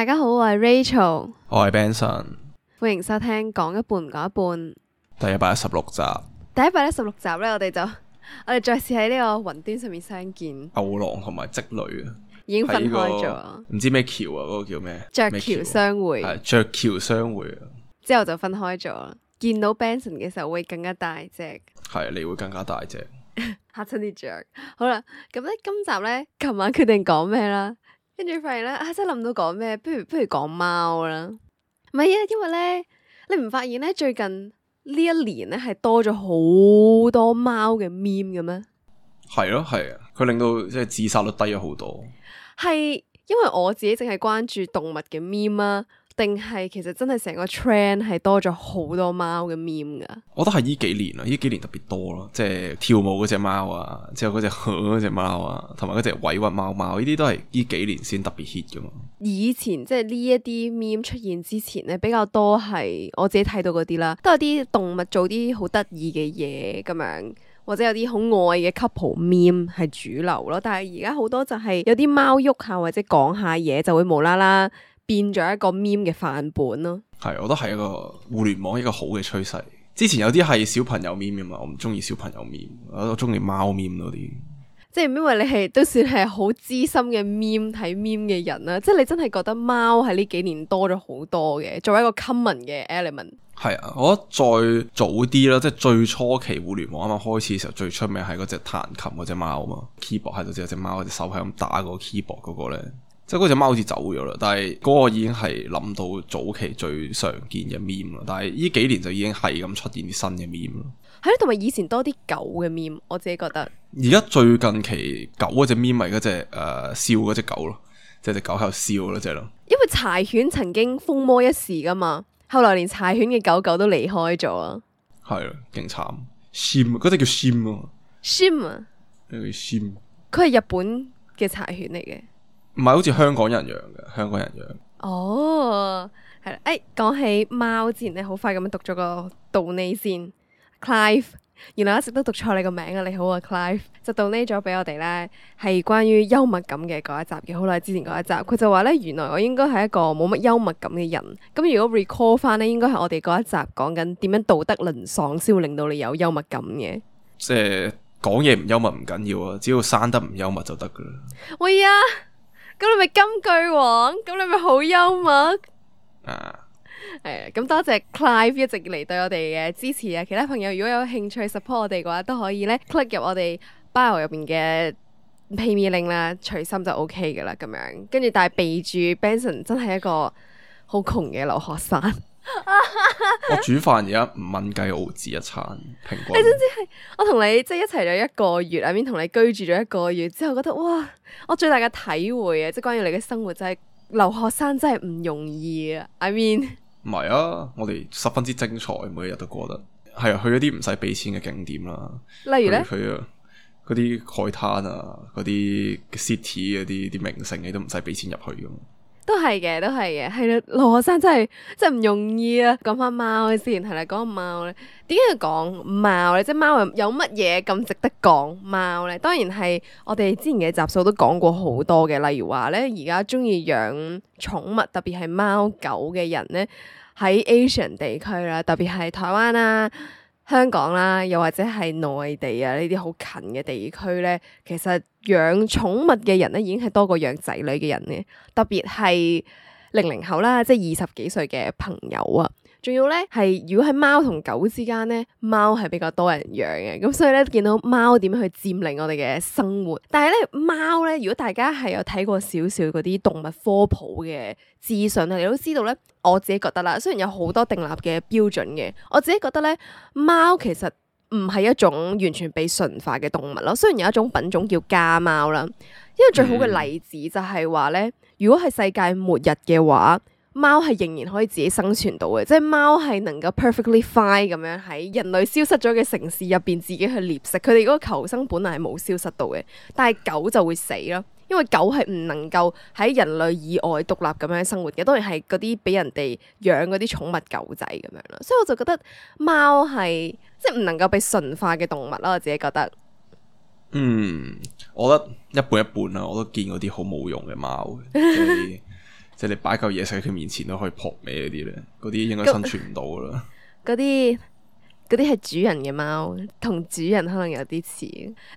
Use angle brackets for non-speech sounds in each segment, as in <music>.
大家好，我係 Rachel，我係 Benson，歡迎收聽《講一半講一半》，第一百一十六集，1 第一百一十六集咧，我哋就我哋再次喺呢個雲端上面相見，牛郎同埋織女啊，已經分開咗，唔、這個、知咩橋啊，嗰、那個叫咩，鵲橋相會，係鵲橋相會啊，之後就分開咗，見到 Benson 嘅時候會更加大隻，係你會更加大隻，吓親啲雀，好啦，咁咧今集咧琴晚決定講咩啦？跟住發現咧，啊，真係諗唔到講咩？不如不如講貓啦，唔係啊，因為咧，你唔發現咧，最近呢一年咧係多咗好多貓嘅 meme 嘅咩？係咯，係啊，佢、啊、令到即係自殺率低咗好多。係因為我自己淨係關注動物嘅 meme 啊。定係其實真係成個 trend 係多咗好多貓嘅 meme 噶，我覺得係呢幾年咯，呢幾年特別多咯，即係跳舞嗰隻貓啊，之後嗰隻嗰隻貓啊，同埋嗰隻委屈貓貓呢啲都係呢幾年先特別 hit 噶嘛。以前即係呢一啲 meme 出現之前咧，比較多係我自己睇到嗰啲啦，都有啲動物做啲好得意嘅嘢咁樣，或者有啲好愛嘅 couple meme 係主流咯。但係而家好多就係有啲貓喐下或者講下嘢，就會無啦啦。變咗一個 meme 嘅範本咯、啊，係，我覺得係一個互聯網一個好嘅趨勢。之前有啲係小朋友 meme 啊嘛，我唔中意小朋友 meme，我中意貓 meme 多啲。即係因為你係都算係好資深嘅 meme 睇 meme 嘅人啦、啊，即係你真係覺得貓喺呢幾年多咗好多嘅，作為一個 common 嘅 element。係啊，我覺得再早啲啦，即係最初期互聯網啊嘛，開始嘅時候最出名係嗰隻彈琴嗰隻貓啊嘛，keyboard 喺度只有隻貓，隻手喺度打嗰個 keyboard 嗰個咧。即係嗰隻貓好似走咗啦，但係嗰個已經係諗到早期最常見嘅 meme 啦，但係呢幾年就已經係咁出現啲新嘅 meme 咯。係咯，同 <noise> 埋樂以前多啲狗嘅 meme，我自己覺得。而家最近期狗嗰隻 meme 咪嗰隻誒笑嗰隻狗咯，即係隻狗喺度笑咯，即係咯。因為柴犬曾經風魔一時噶嘛，後來連柴犬嘅狗狗都離開咗啊。係啊，勁慘。shim 嗰隻叫 shim 啊，shim 啊，佢係 Sh im. 日本嘅柴犬嚟嘅。唔係好似香港人養嘅，香港人養。哦，係，誒、哎，講起貓之前咧，好快咁樣讀咗個 donate 先，Clive，原來我一直都讀錯你個名啊！你好啊，Clive，就 donate 咗俾我哋咧，係關於幽默感嘅嗰一集嘅，好耐之前嗰一集，佢就話咧，原來我應該係一個冇乜幽默感嘅人。咁如果 recall 翻咧，應該係我哋嗰一集講緊點樣道德淪喪先會令到你有幽默感嘅。即係講嘢唔幽默唔緊要啊，只要生得唔幽默就得噶啦。喂啊。咁你咪金句王，咁你咪好幽默。啊， <laughs> 咁多謝 Clive 一直嚟對我哋嘅支持啊！其他朋友如果有興趣 support 我哋嘅話，都可以咧 click 入我哋 bio 入邊嘅 pay me link 啦，隨心就 OK 㗎啦，咁樣跟住但係備注 Benson 真係一個好窮嘅留學生。 <laughs> 我煮飯而家五蚊雞澳紙一餐，平均。你知唔知係我同你即係一齊咗一個月，I mean, 同你居住咗一個月之後，覺得哇，我最大嘅體會啊，即係關於你嘅生活真、就、係、是、留學生真係唔容易啊！I mean 唔係啊，我哋十分之精彩，每一日都過得係啊，去一啲唔使俾錢嘅景點啦，例如咧去啊啲海灘啊，嗰啲 city 嗰啲啲名勝，你都唔使俾錢入去噶。都係嘅，都係嘅，係啦，留學生真係真係唔容易啊！講翻貓先貓，係啦，講個貓咧，點解要講貓咧？即係貓有乜嘢咁值得講貓咧？當然係我哋之前嘅集數都講過好多嘅，例如話咧而家中意養寵物，特別係貓狗嘅人咧，喺 Asian 地區啦，特別係台灣啊。香港啦，又或者係內地啊，呢啲好近嘅地區咧，其實養寵物嘅人咧已經係多過養仔女嘅人嘅，特別係零零後啦，即係二十幾歲嘅朋友啊。仲要咧，係如果喺貓同狗之間咧，貓係比較多人養嘅，咁所以咧，見到貓點樣去佔領我哋嘅生活。但係咧，貓咧，如果大家係有睇過少少嗰啲動物科普嘅資訊咧，你都知道咧，我自己覺得啦，雖然有好多定立嘅標準嘅，我自己覺得咧，貓其實唔係一種完全被馴化嘅動物咯。雖然有一種品種叫家貓啦，因為最好嘅例子就係話咧，如果係世界末日嘅話。貓係仍然可以自己生存到嘅，即係貓係能夠 perfectly fine 咁樣喺人類消失咗嘅城市入邊自己去獵食，佢哋嗰個求生本能係冇消失到嘅。但係狗就會死咯，因為狗係唔能夠喺人類以外獨立咁樣生活嘅。當然係嗰啲俾人哋養嗰啲寵物狗仔咁樣啦。所以我就覺得貓係即係唔能夠被馴化嘅動物咯。我自己覺得，嗯，我覺得一半一半啊，我都見嗰啲好冇用嘅貓。 <laughs> 即係你擺嚿嘢食喺佢面前都可以撲尾嗰啲咧，嗰啲應該生存唔到㗎啦。嗰啲。嗰啲係主人嘅貓，同主人可能有啲似。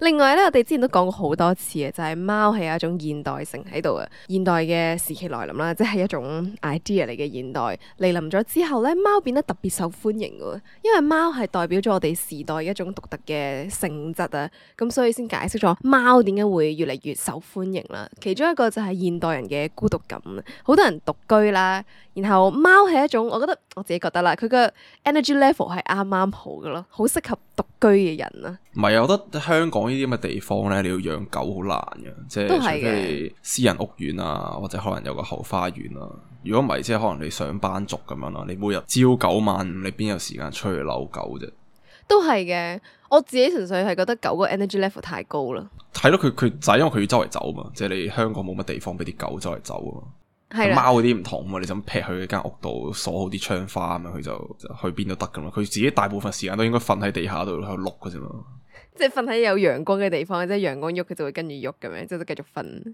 另外咧，我哋之前都講過好多次嘅，就係貓係一種現代性喺度啊，現代嘅時期來臨啦，即係一種 idea 嚟嘅現代嚟臨咗之後咧，貓變得特別受歡迎嘅，因為貓係代表咗我哋時代一種獨特嘅性質啊。咁所以先解釋咗貓點解會越嚟越受歡迎啦。其中一個就係現代人嘅孤獨感，好多人獨居啦。然後貓係一種我覺得我自己覺得啦，佢個 energy level 係啱啱。好噶咯，好適合獨居嘅人啊。唔係啊，我覺得香港呢啲咁嘅地方咧，你要養狗好難噶，即係除非私人屋苑啊，或者可能有個後花園啊。如果唔係，即係可能你上班族咁樣咯，你每日朝九晚五，你邊有時間出去遛狗啫？都係嘅，我自己純粹係覺得狗個 energy level 太高啦。係咯，佢佢就係、是、因為佢要周圍走啊嘛，即係你香港冇乜地方俾啲狗周圍走啊嘛。貓嗰啲唔同啊嘛，你就咁撇佢喺間屋度鎖好啲窗花啊嘛，佢就，就去邊都得噶啦。佢自己大部分時間都應該瞓喺地下度喺度碌噶啫嘛。即係瞓喺有陽光嘅地方，即係陽光喐佢就會跟住喐咁樣，即係都繼續瞓。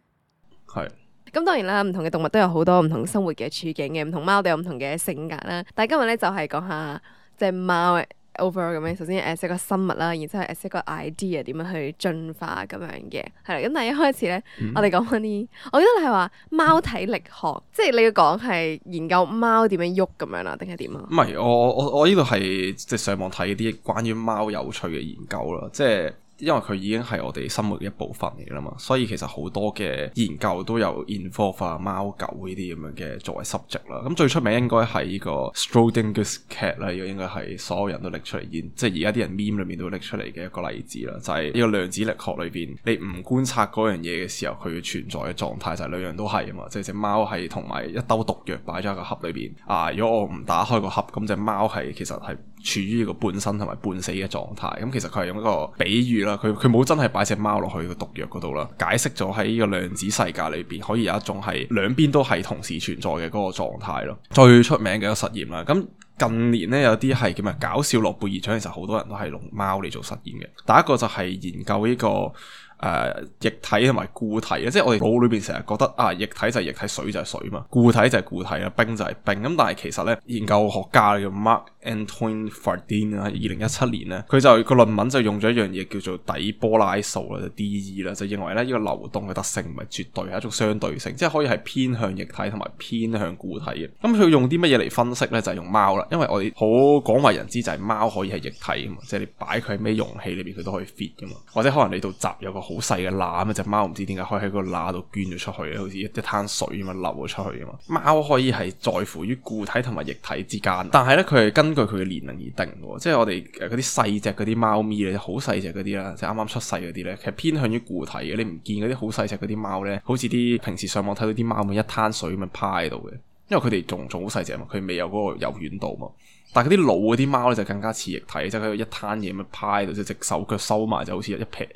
係。咁當然啦，唔同嘅動物都有好多唔同生活嘅處境嘅，唔同貓都有唔同嘅性格啦。但係今日咧就係講下隻貓 over 咁樣，overall, 首先誒即係個生物啦，然之後誒即係個 idea 點樣去進化咁樣嘅，係啦。咁但係一開始咧，嗯、我哋講翻啲，我記得你係話貓體力學，嗯、即係你要講係研究貓點樣喐咁樣啦，定係點啊？唔係，我我我我呢度係即係上網睇啲關於貓有趣嘅研究啦，即係。因為佢已經係我哋生活嘅一部分嚟㗎嘛，所以其實好多嘅研究都有 involve、啊、貓狗呢啲咁樣嘅作為 subject 啦。咁、嗯、最出名應該係呢個 Schrödinger's cat 啦，呢、這個應該係所有人都拎出嚟，即係而家啲人 meme 裏面都拎出嚟嘅一個例子啦。就係、是、呢個量子力學裏邊，你唔觀察嗰樣嘢嘅時候，佢存在嘅狀態就兩樣都係啊嘛，即係隻貓係同埋一兜毒藥擺咗喺個盒裏邊。啊，如果我唔打開個盒，咁隻貓係其實係。處於一個半生同埋半死嘅狀態，咁其實佢係用一個比喻啦，佢佢冇真係擺隻貓落去個毒藥嗰度啦，解釋咗喺呢個量子世界裏邊可以有一種係兩邊都係同時存在嘅嗰個狀態咯，最出名嘅一個實驗啦，咁近年呢，有啲係叫咩？搞笑諾貝爾獎，其實好多人都係用貓嚟做實驗嘅，第一個就係研究呢個。誒、呃、液體同埋固體啊，即係我哋腦裏邊成日覺得啊，液體就係液體，水就係水嘛，固體就係固體啊，冰就係冰咁、嗯。但係其實咧，研究學家叫 Marc-Antoine Fardin 啊，二零一七年咧，佢就個論文就用咗一樣嘢叫做底波拉數啦，就是、DE 啦，就認為咧呢、這個流動嘅特性唔係絕對，係一種相對性，即係可以係偏向液體同埋偏向固體嘅。咁、嗯、佢、嗯、用啲乜嘢嚟分析咧？就係、是、用貓啦，因為我哋好廣為人知就係貓可以係液體啊嘛，即係你擺佢喺咩容器裏邊佢都可以 fit 噶嘛，或者可能你度集有個。好細嘅罅咁啊！隻貓唔知點解可以喺個罅度捐咗出去嘅，好似一一灘水咁樣流咗出去啊嘛！貓可以係在乎於固體同埋液體之間，但係咧佢係根據佢嘅年齡而定喎。即係我哋嗰啲細隻嗰啲貓咪咧，好細隻嗰啲啦，即係啱啱出世嗰啲咧，其實偏向於固體嘅。你唔見嗰啲好細隻嗰啲貓咧，好似啲平時上網睇到啲貓咁一灘水咁樣趴喺度嘅，因為佢哋仲仲好細隻嘛，佢未有嗰個柔軟度嘛。但係啲老嗰啲貓咧，就更加似液體，即係喺度一攤嘢咁樣趴喺度，隻隻手腳收埋，就好似一撇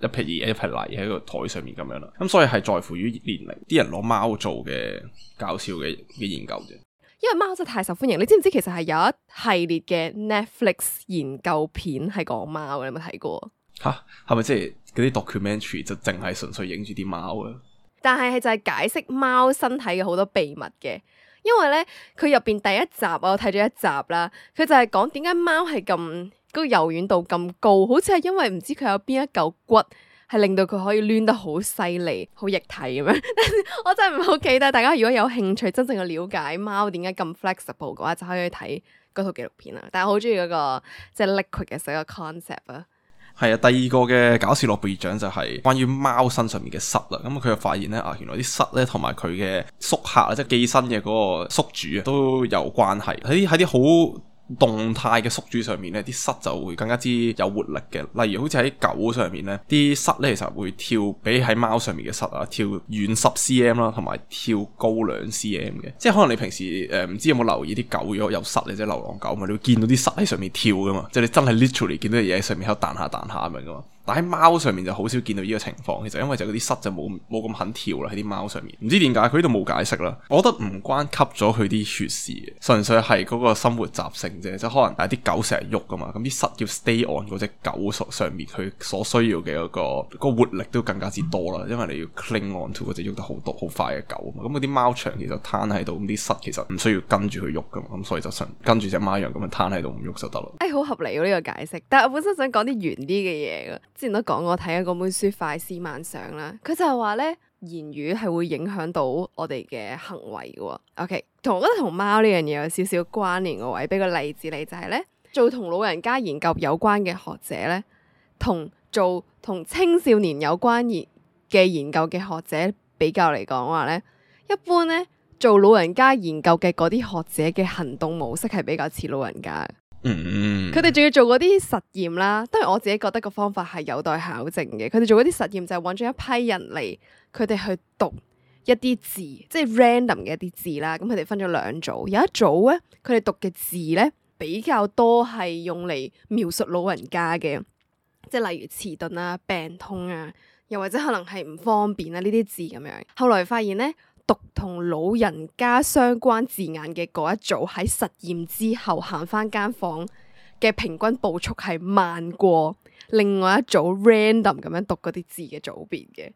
一撇嘢，一撇泥喺個台上面咁樣啦。咁、嗯、所以係在乎於年齡，啲人攞貓做嘅搞笑嘅嘅研究啫。因為貓真係太受歡迎，你知唔知其實係有一系列嘅 Netflix 研究片係講貓嘅？你有冇睇過？吓，係咪即係嗰啲 documentary 就淨係純粹影住啲貓啊？但係就係解釋貓身體嘅好多秘密嘅。因為咧，佢入邊第一集我睇咗一集啦，佢就係講點解貓係咁，嗰個柔軟度咁高，好似係因為唔知佢有邊一嚿骨係令到佢可以攣得好犀利、好液體咁樣。 <laughs> 我真係唔係好記得。大家如果有興趣真正嘅了解貓點解咁 flexible 嘅話，就可以去睇嗰套紀錄片啦。但係我好中意嗰個即係 liquid 嘅所有 concept 啊。就是係啊，第二個嘅搞笑諾貝爾獎就係關於貓身上面嘅虱啦，咁、嗯、佢就發現呢，啊，原來啲虱呢同埋佢嘅宿客啊，即寄生嘅嗰個宿主都有關係，喺喺啲好動態嘅宿主上面呢，啲虱就會更加之有活力嘅。例如好似喺狗上面呢，啲虱呢，虱呢其實會跳比喺貓上面嘅虱啊跳遠十 cm 啦，同埋跳高兩 cm 嘅。即係可能你平時誒唔、呃、知有冇留意啲狗如果有虱嚟，啫流浪狗嘛，你會見到啲虱喺上面跳噶嘛。即係你真係 literally 見到嘢喺上面喺度彈下彈下咁樣噶嘛。但喺貓上面就好少見到呢個情況，其實因為就嗰啲虱就冇冇咁肯跳啦喺啲貓上面，唔知點解佢呢度冇解釋啦。我覺得唔關吸咗佢啲血事嘅，純粹係嗰個生活習性啫，即係可能啊啲狗成日喐噶嘛，咁啲虱要 stay on 嗰隻狗上面，佢所需要嘅嗰個個活力都更加之多啦，因為你要 cling on to 嗰隻喐得好多好快嘅狗啊嘛，咁嗰啲貓長其實攤喺度，啲虱其實唔需要跟住佢喐噶嘛，咁所以就順跟住隻貓一樣咁樣攤喺度唔喐就得啦。誒好合理喎，呢個解釋，但係我本身想講啲遠啲嘅嘢啊。之前都講過我睇一本書《快思慢想》啦，佢就係話咧，言語係會影響到我哋嘅行為嘅。OK，同我覺得同貓呢樣嘢有少少關聯嘅位，俾個例子你就係咧，做同老人家研究有關嘅學者咧，同做同青少年有關研嘅研究嘅學者比較嚟講話咧，一般咧做老人家研究嘅嗰啲學者嘅行動模式係比較似老人家。嗯，佢哋仲要做嗰啲實驗啦，當然我自己覺得個方法係有待考證嘅。佢哋做嗰啲實驗就係揾咗一批人嚟，佢哋去讀一啲字，即係 random 嘅一啲字啦。咁佢哋分咗兩組，有一組咧，佢哋讀嘅字咧比較多係用嚟描述老人家嘅，即係例如遲鈍啊、病痛啊，又或者可能係唔方便啊呢啲字咁樣。後來發現咧，讀同老人家相關字眼嘅嗰一組喺實驗之後行翻間房嘅平均步速係慢過另外一組 random 咁樣讀嗰啲字嘅組別嘅。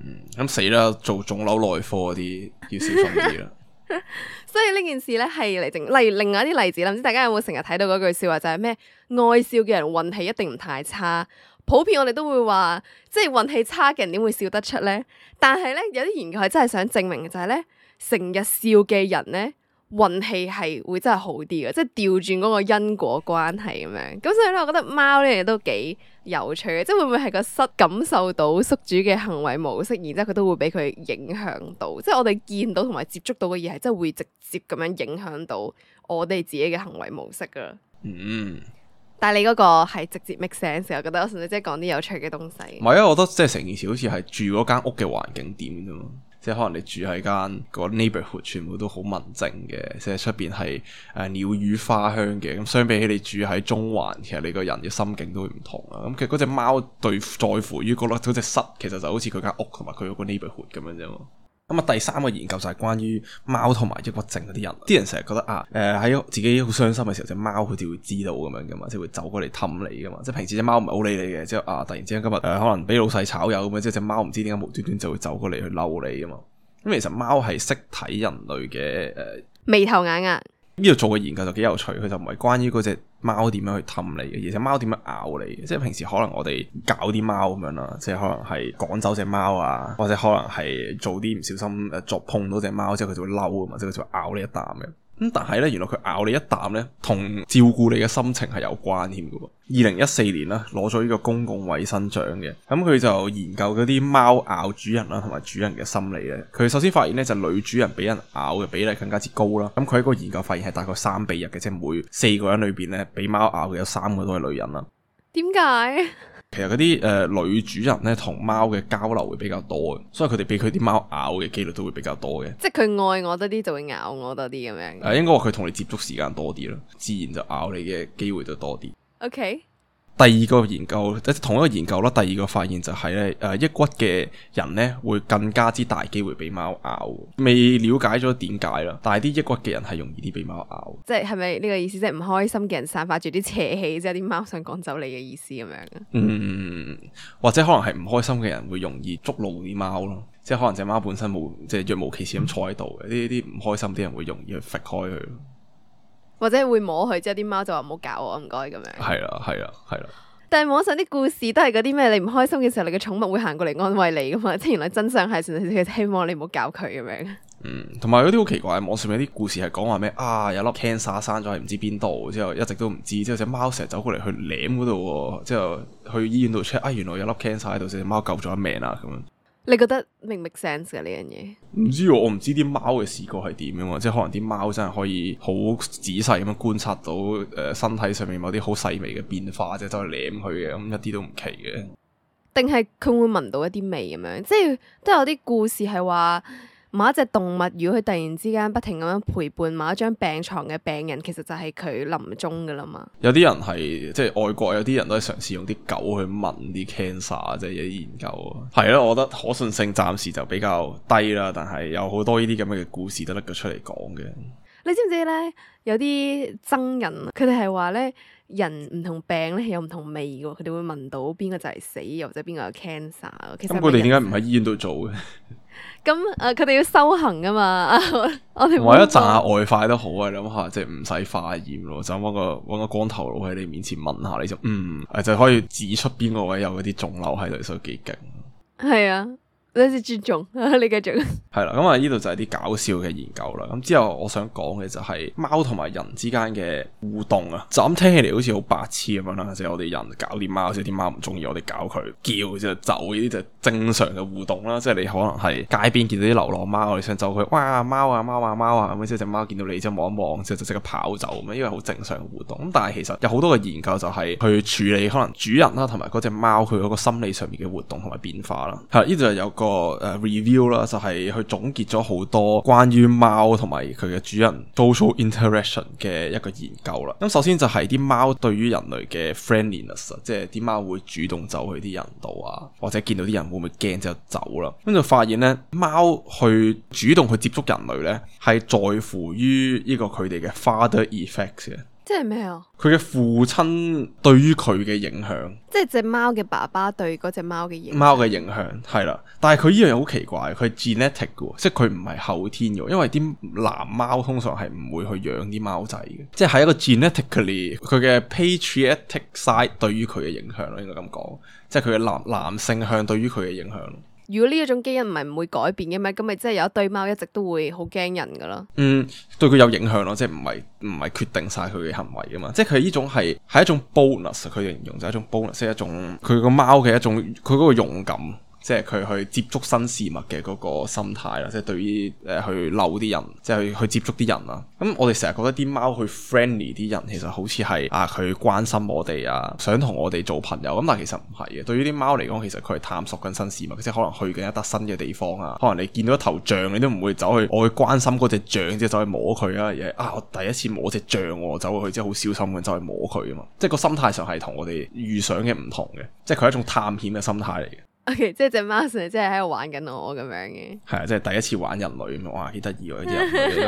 嗯，咁死啦，做腫瘤內科嗰啲要小心啲啦。 <laughs> <laughs> 所以呢件事咧係嚟自，例如另外一啲例子啦，唔知大家有冇成日睇到嗰句笑話就係、是、咩？愛笑嘅人運氣一定唔太差。普遍我哋都會話，即係運氣差嘅人點會笑得出咧？但係咧有啲研究係真係想證明嘅就係咧，成日笑嘅人咧運氣係會真係好啲嘅，即係調轉嗰個因果關係咁樣。咁所以咧，我覺得貓呢亦都幾有趣嘅，即係會唔會係個室感受到宿主嘅行為模式，然之後佢都會俾佢影響到。即係我哋見到同埋接觸到嘅嘢係真係會直接咁樣影響到我哋自己嘅行為模式㗎。嗯。但係你嗰個係直接 make sense，我覺得我成日即係講啲有趣嘅東西。唔係，啊。我覺得即係成件事好似係住嗰間屋嘅環境點啫嘛。即係可能你住喺間個 neighborhood 全部都好文靜嘅，即係出邊係誒鳥語花香嘅。咁相比起你住喺中環，其實你個人嘅心境都會唔同啊。咁其實嗰隻貓對在乎於嗰粒嗰隻室，其實就好似佢間屋同埋佢嗰個 neighborhood 咁樣啫嘛。咁啊，第三個研究就係關於貓同埋抑鬱症嗰啲人，啲人成日覺得啊，誒、呃、喺自己好傷心嘅時候，隻貓佢哋會知道咁樣嘅嘛，即係會走過嚟氹你噶嘛，即係平時隻貓唔係好理你嘅，之後啊，突然之間今日誒、呃、可能俾老細炒魷咁樣，即係隻貓唔知點解無端端就會走過嚟去嬲你噶嘛，咁其實貓係識睇人類嘅誒，呃、眉頭眼額。呢度做嘅研究就幾有趣，佢就唔係關於嗰隻貓點樣去氹你嘅，而係貓點樣咬你嘅。即係平時可能我哋搞啲貓咁樣啦，即係可能係趕走隻貓啊，或者可能係做啲唔小心誒，觸、啊、碰到隻貓之後佢就會嬲啊嘛，即係佢就會咬你一啖嘅。咁但係咧，原來佢咬你一啖咧，同照顧你嘅心情係有關添嘅。喎，二零一四年啦，攞咗呢個公共衛生獎嘅。咁佢就研究嗰啲貓咬主人啦，同埋主人嘅心理咧。佢首先發現咧，就女主人俾人咬嘅比例更加之高啦。咁佢個研究發現係大概三比一嘅，即係每四個人裏邊咧，俾貓咬嘅有三個都係女人啦。點解？其實嗰啲誒女主人咧，同貓嘅交流會比較多嘅，所以佢哋畀佢啲貓咬嘅幾率都會比較多嘅。即係佢愛我多啲就會咬我多啲咁樣。誒、呃，應該話佢同你接觸時間多啲咯，自然就咬你嘅機會就多啲。OK。第二個研究，即同一個研究咯。第二個發現就係、是、咧，誒、呃、抑鬱嘅人咧會更加之大機會俾貓咬。未了解咗點解啦，但係啲抑鬱嘅人係容易啲俾貓咬。即係係咪呢個意思？即係唔開心嘅人散發住啲邪氣，嗯、即係啲貓想趕走你嘅意思咁樣嗯？嗯，或者可能係唔開心嘅人會容易捉弄啲貓咯。即係可能隻貓本身冇，即、就、係、是、若無其事咁坐喺度嘅，呢啲唔開心啲人會容易去甩開佢。或者係會摸佢，之後啲貓就話唔好搞我，唔該咁樣。係啦，係啦，係啦。但係網上啲故事都係嗰啲咩？你唔開心嘅時候，你嘅寵物會行過嚟安慰你噶嘛？即係原來真相係，其實希望你唔好搞佢咁樣。同埋、嗯、有啲好奇怪，網上面啲故事係講話咩啊？有粒 cancer 生咗喺唔知邊度，之後一直都唔知，之後隻貓成日走過嚟去舐嗰度，之後去醫院度 check，啊，原來有粒 cancer 喺度，所以隻貓救咗一命啦、啊、咁樣。你覺得明唔明 sense 㗎呢樣嘢？唔知我唔知啲貓嘅視覺係點樣，即係可能啲貓真係可以好仔細咁樣觀察到誒身體上面某啲好細微嘅變化，即係走去舐佢嘅，咁一啲都唔奇嘅。定係佢會聞到一啲味咁樣，即係都有啲故事係話。某一隻動物如果佢突然之間不停咁樣陪伴某一張病床嘅病人，其實就係佢臨終噶啦嘛。有啲人係即係外國有啲人都係嘗試用啲狗去聞啲 cancer，即係有啲研究。啊。係咯，我覺得可信性暫時就比較低啦，但係有好多呢啲咁嘅故事都得佢出嚟講嘅。你知唔知咧？有啲僧人佢哋係話咧，人唔同病咧係有唔同味嘅，佢哋會聞到邊個就係死，又或者邊個係 cancer。咁佢哋點解唔喺醫院度做嘅？ <laughs> 咁誒，佢哋，呃、要修行㗎嘛。啊我哋為咗賺下外快都好啊，諗下 <laughs> 即係唔使化驗咯，就揾個揾個光頭佬喺你面前問下，你就嗯，就就可以指出邊個位有嗰啲腫瘤喺度，所以幾勁。係啊。有啲尊重，你繼續。係 <noise> 啦，咁、嗯、啊，呢度就係啲搞笑嘅研究啦。咁之後我想講嘅就係貓同埋人之間嘅互動啊。就咁聽起嚟好似好白痴咁樣啦，就是，即係我哋人搞啲貓，之後啲貓唔中意我哋搞佢，叫就走。呢啲就正常嘅互動啦。即係你可能係街邊見到啲流浪貓，你想走佢，哇，貓啊貓啊貓啊咁，之後隻貓見到你之後望一望之後就即刻跑走咁樣，呢個好正常嘅互動。咁但係其實有好多嘅研究就係去處理可能主人啦同埋嗰隻貓佢嗰個心理上面嘅活動同埋變化啦。係、嗯、啦，呢度就有個。個誒 review 啦，就係去總結咗好多關於貓同埋佢嘅主人 social interaction 嘅一個研究啦。咁首先就係啲貓對於人類嘅 friendliness，即係啲貓會主動走去啲人度啊，或者見到啲人會唔會驚就走啦。咁就發現呢，貓去主動去接觸人類呢，係在乎於呢個佢哋嘅 father effects 嘅。即係咩啊？佢嘅父親對於佢嘅影響，即係隻貓嘅爸爸對嗰隻貓嘅影響，貓嘅影響係啦。但係佢呢樣嘢好奇怪，佢係 genetic 嘅，即係佢唔係後天嘅。因為啲男貓通常係唔會去養啲貓仔嘅，即係喺一個 genetically 佢嘅 patriotic side 對於佢嘅影響咯，應該咁講，即係佢嘅男男性向對於佢嘅影響。如果呢一種基因唔係唔會改變嘅咩？咁咪即係有一堆貓一直都會好驚人嘅咯。嗯，對佢有影響咯，即係唔係唔係決定晒佢嘅行為㗎嘛，即係佢呢種係係一種 bonus，佢形容就係一種 bonus，係一種佢個貓嘅一種佢嗰個勇敢。即係佢去接觸新事物嘅嗰個心態啦，即係對於誒、呃、去遛啲人，即係去，去接觸啲人啦。咁、嗯、我哋成日覺得啲貓去 friendly 啲人，其實好似係啊，佢關心我哋啊，想同我哋做朋友。咁、嗯、但係其實唔係嘅，對於啲貓嚟講，其實佢係探索緊新事物，即係可能去緊一笪新嘅地方啊。可能你見到一頭象，你都唔會走去我去關心嗰隻象，即係走去摸佢啊。啊，我第一次摸一隻象，我走過去之後好小心咁走去摸佢啊嘛。即係個心態上係同我哋預想嘅唔同嘅，即係佢係一種探險嘅心態嚟嘅。Okay, 即係隻貓成日即係喺度玩緊我咁樣嘅，係啊，即係第一次玩人類，哇，幾得意喎！呢隻，係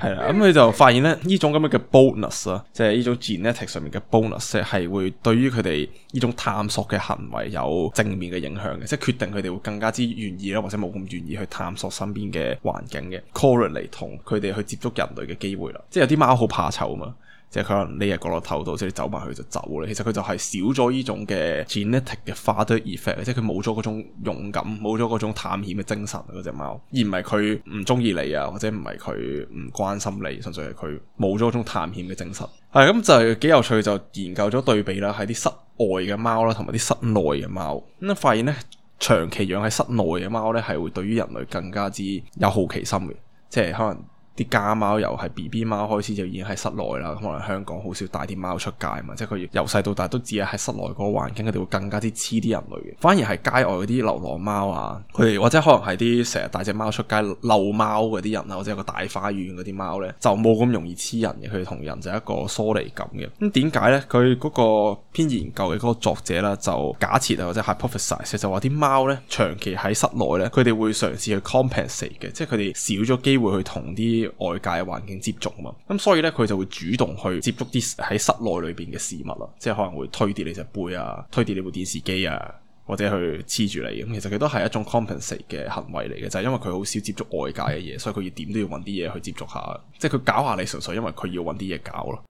啦， <laughs> 咁、嗯、佢就發現咧，呢種咁嘅 bonus 啊，即係呢種 genetic 上面嘅 bonus，即係會對於佢哋呢種探索嘅行為有正面嘅影響嘅，即係決定佢哋會更加之願意啦，或者冇咁願意去探索身邊嘅環境嘅 quality 同佢哋去接觸人類嘅機會啦，即係有啲貓好怕醜啊嘛。即係可能匿喺角落頭度，即係走埋去就走咧。其實佢就係少咗呢種嘅 genetic 嘅 father effect，即係佢冇咗嗰種勇敢，冇咗嗰種探險嘅精神嗰隻貓。而唔係佢唔中意你啊，或者唔係佢唔關心你，純粹係佢冇咗嗰種探險嘅精神。係咁、嗯、就係幾有趣，就研究咗對比啦，喺啲室外嘅貓啦，同埋啲室內嘅貓咁，發現咧長期養喺室內嘅貓咧，係會對於人類更加之有好奇心嘅，即係可能。啲家貓由係 B.B. 貓開始就已經喺室內啦，可能香港好少帶啲貓出街嘛，即係佢由細到大都只係喺室內嗰個環境，佢哋會更加之黐啲人類嘅。反而係街外嗰啲流浪貓啊，佢哋或者可能係啲成日帶隻貓出街遛貓嗰啲人啊，或者有個大花園嗰啲貓咧，就冇咁容易黐人嘅。佢哋同人就係一個疏離感嘅。咁點解咧？佢嗰個篇研究嘅嗰個作者啦，就假設啊或者 hypothesize，就話啲貓咧長期喺室內咧，佢哋會嘗試去 compensate 嘅，即係佢哋少咗機會去同啲外界環境接觸嘛，咁所以咧佢就會主動去接觸啲喺室內裏邊嘅事物啦，即係可能會推跌你隻杯啊，推跌你部電視機啊，或者去黐住你咁，嗯，其實佢都係一種 compensate 嘅行為嚟嘅，就係、是、因為佢好少接觸外界嘅嘢，所以佢要點都要揾啲嘢去接觸下，即係佢搞下你，純粹因為佢要揾啲嘢搞咯，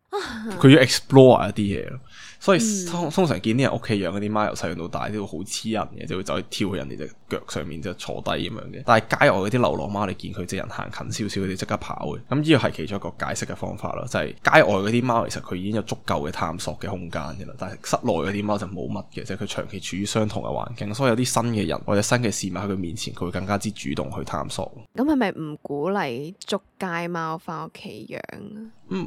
佢要 explore 一啲嘢。所以通，通常見啲人屋企養嗰啲貓由細養到大，都會好黐人嘅，就會走去跳去人哋隻腳上面就坐低咁樣嘅。但係街外嗰啲流浪貓，你見佢隻、即係、人行近少少，佢哋即刻跑嘅。咁呢個係其中一個解釋嘅方法啦，就係、是、街外嗰啲貓其實佢已經有足夠嘅探索嘅空間嘅啦。但係室內嗰啲貓就冇乜嘅，即係佢長期處於相同嘅環境，所以有啲新嘅人或者新嘅事物喺佢面前，佢會更加之主動去探索。咁係咪唔鼓勵捉街貓翻屋企養？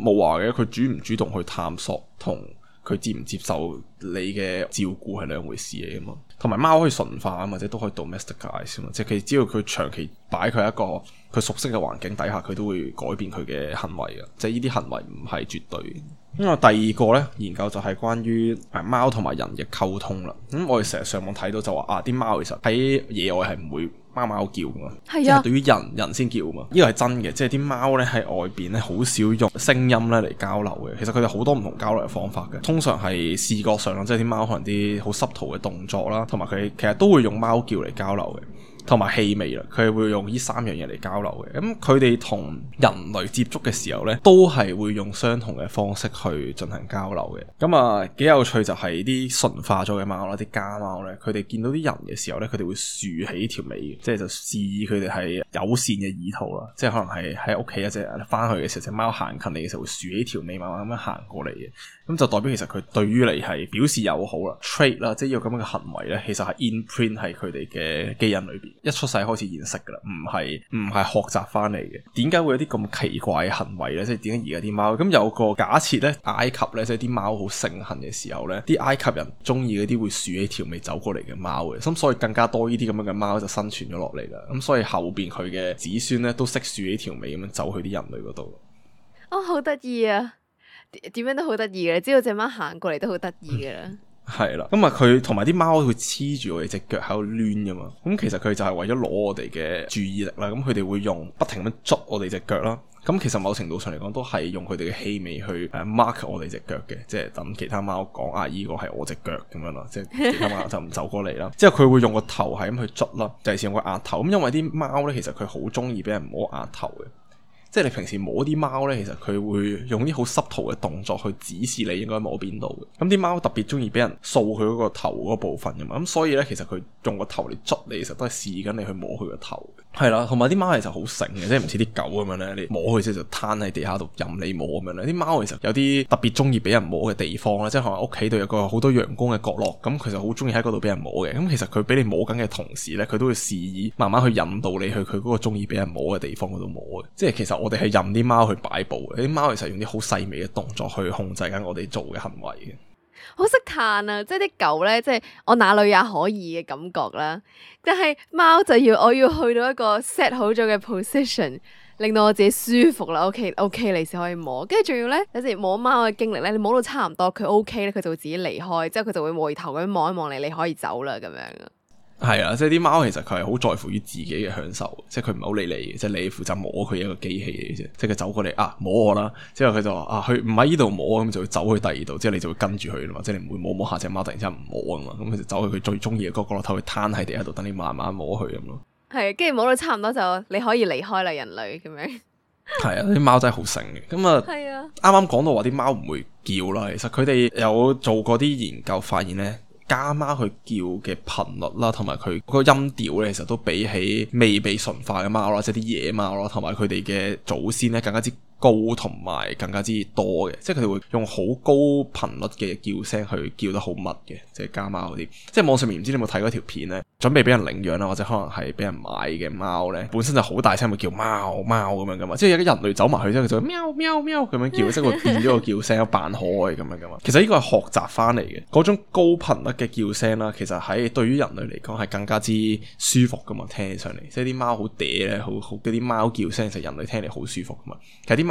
冇話嘅，佢、嗯、主唔主動去探索同。佢接唔接受你嘅照顧係兩回事嚟嘅嘛，同埋貓可以馴化啊，或者都可以 domesticize 嘛，即係只要佢長期擺佢喺一個佢熟悉嘅環境底下，佢都會改變佢嘅行為嘅，即係呢啲行為唔係絕對。咁啊，第二個咧研究就係關於貓同埋人嘅溝通啦。咁，嗯，我哋成日上網睇到就話啊，啲貓其實喺野外係唔會貓貓叫噶嘛，係啊，即係對於人人先叫嘛。呢個係真嘅，即係啲貓咧喺外邊咧好少用聲音咧嚟交流嘅。其實佢哋好多唔同交流嘅方法嘅，通常係視覺上，即係啲貓可能啲好濕塗嘅動作啦，同埋佢其實都會用貓叫嚟交流嘅。同埋氣味啦，佢係會用呢三樣嘢嚟交流嘅。咁佢哋同人類接觸嘅時候咧，都係會用相同嘅方式去進行交流嘅。咁啊，幾有趣就係啲馴化咗嘅貓啦，啲家貓咧，佢哋見到啲人嘅時候咧，佢哋會豎起條尾，即係就示意佢哋係友善嘅意圖啦。即係可能係喺屋企一隻返去嘅時候，隻貓行近你嘅時候會豎起條尾，慢慢咁樣行過嚟嘅。咁就代表其實佢對於你係表示友好啦。Trait 啦，即係呢個咁樣嘅行為咧，其實係 imprint 喺佢哋嘅基因裏邊。一出世開始現識噶啦唔係唔係學習翻嚟嘅。點解會有啲咁奇怪嘅行為呢？即係點解而家啲貓咁？有個假設呢，埃及呢，即係啲貓好盛行嘅時候呢，啲埃及人中意嗰啲會豎起條尾走過嚟嘅貓嘅，咁所以更加多呢啲咁樣嘅貓就生存咗落嚟啦。咁所以後邊佢嘅子孫呢，都識豎起條尾咁樣走去啲人類嗰度。哦，好得意啊！點樣都好得意嘅，你知道隻貓行過嚟都好得意噶啦。嗯係啦，咁啊佢同埋啲貓會黐住我哋隻腳喺度攣噶嘛，咁、嗯、其實佢就係為咗攞我哋嘅注意力啦，咁佢哋會用不停咁捉我哋隻腳啦，咁、嗯、其實某程度上嚟講都係用佢哋嘅氣味去誒 mark 我哋隻腳嘅，即係等其他貓講啊，呢、呢個係我隻腳咁樣咯，即係其他貓就唔走過嚟啦。之 <laughs> 後佢會用個頭係咁去捉啦，就係使用個額頭，咁、嗯、因為啲貓咧其實佢好中意俾人摸額頭嘅。即係你平時摸啲貓咧，其實佢會用啲好濕塗嘅動作去指示你應該摸邊度嘅。咁啲貓特別中意畀人掃佢嗰個頭嗰部分噶嘛，咁所以咧其實佢用個頭嚟捽你，其實都係示意緊你去摸佢個頭。係啦，同埋啲貓其實好醒嘅，即係唔似啲狗咁樣咧，你摸佢即係就攤喺地下度任你摸咁樣咧。啲貓其實有啲特別中意俾人摸嘅地方咧，即係可能屋企度有個好多陽光嘅角落，咁其實好中意喺嗰度俾人摸嘅。咁其實佢俾你摸緊嘅同時咧，佢都會示意慢慢去引導你去佢嗰個中意俾人摸嘅地方嗰度摸嘅。即係其實我哋係任啲貓去擺佈嘅，啲貓其實用啲好細微嘅動作去控制緊我哋做嘅行為嘅。好識嘆啊！即係啲狗咧，即係我哪裏也可以嘅感覺啦。但係貓就要我要去到一個 set 好咗嘅 position，令到我自己舒服啦。OK OK，你先可以摸。跟住仲要咧，有時摸貓嘅經歷咧，你摸到差唔多佢 OK 咧，佢、OK，就會自己離開，之後佢就會回頭咁望一望你，你可以走啦咁樣。係啊，即係啲貓其實佢係好在乎於自己嘅享受，即係佢唔係好理你，即係你負責摸佢一個機器嚟嘅啫。即係佢走過嚟啊，摸我啦。之後佢就話啊，佢唔喺呢度摸，咁就會走去第二度。之後你就會跟住佢啦嘛，即係你唔會摸摸下隻貓突然之間唔摸啊嘛。咁佢就走去佢最中意嘅嗰個落頭，佢攤喺地下度等你慢慢摸佢咁咯。係，跟住摸到差唔多就你可以離開啦，人類咁樣。係 <laughs> 啊，啲貓真係好醒嘅。咁啊，係啊，啱啱講到話啲貓唔會叫啦。其實佢哋有做過啲研究，發現咧。家貓佢叫嘅頻率啦，同埋佢嗰個音調咧，其實都比起未被馴化嘅貓，即係啲野貓啦，同埋佢哋嘅祖先咧，更加之高同埋更加之多嘅，即係佢哋會用好高頻率嘅叫聲去叫得好密嘅，即係家貓嗰啲。即係網上面唔知你有冇睇過條片呢，準備俾人領養啦，或者可能係俾人買嘅貓呢，本身就好大聲，會叫貓貓咁樣噶嘛。即係有啲人類走埋去之後，佢就會喵喵喵咁樣叫， <laughs> 即係會變咗個叫聲，扮可愛咁樣噶嘛。其實呢個係學習翻嚟嘅，嗰種高頻率嘅叫聲啦，其實喺對於人類嚟講係更加之舒服噶嘛，聽起上嚟。即係啲貓好嗲咧，好好嗰啲貓叫聲，其實人類聽嚟好舒服噶嘛。其實啲。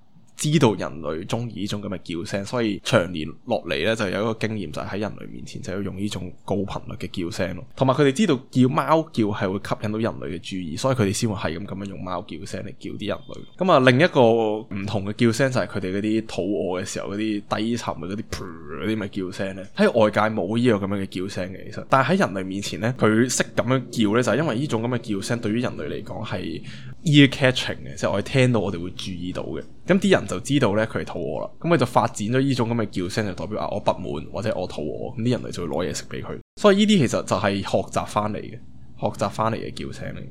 知道人類中意呢種咁嘅叫聲，所以長年落嚟咧就有一個經驗，就係、是、喺人類面前就要用呢種高頻率嘅叫聲咯。同埋佢哋知道叫貓叫係會吸引到人類嘅注意，所以佢哋先會係咁咁樣用貓叫聲嚟叫啲人類。咁、嗯、啊，另一個唔同嘅叫聲就係佢哋嗰啲肚餓嘅時候嗰啲低沉嘅嗰啲嗚嗰啲咪叫聲咧，喺外界冇呢個咁樣嘅叫聲嘅，其實。但係喺人類面前咧，佢識咁樣叫咧，就是、因為呢種咁嘅叫聲對於人類嚟講係 ear catching 嘅，即係我哋聽到我哋會注意到嘅。咁啲人就知道咧，佢係肚餓啦。咁佢就發展咗呢種咁嘅叫聲，就代表話我不滿或者我肚餓。咁啲人嚟就會攞嘢食俾佢。所以呢啲其實就係學習翻嚟嘅，學習翻嚟嘅叫聲嚟。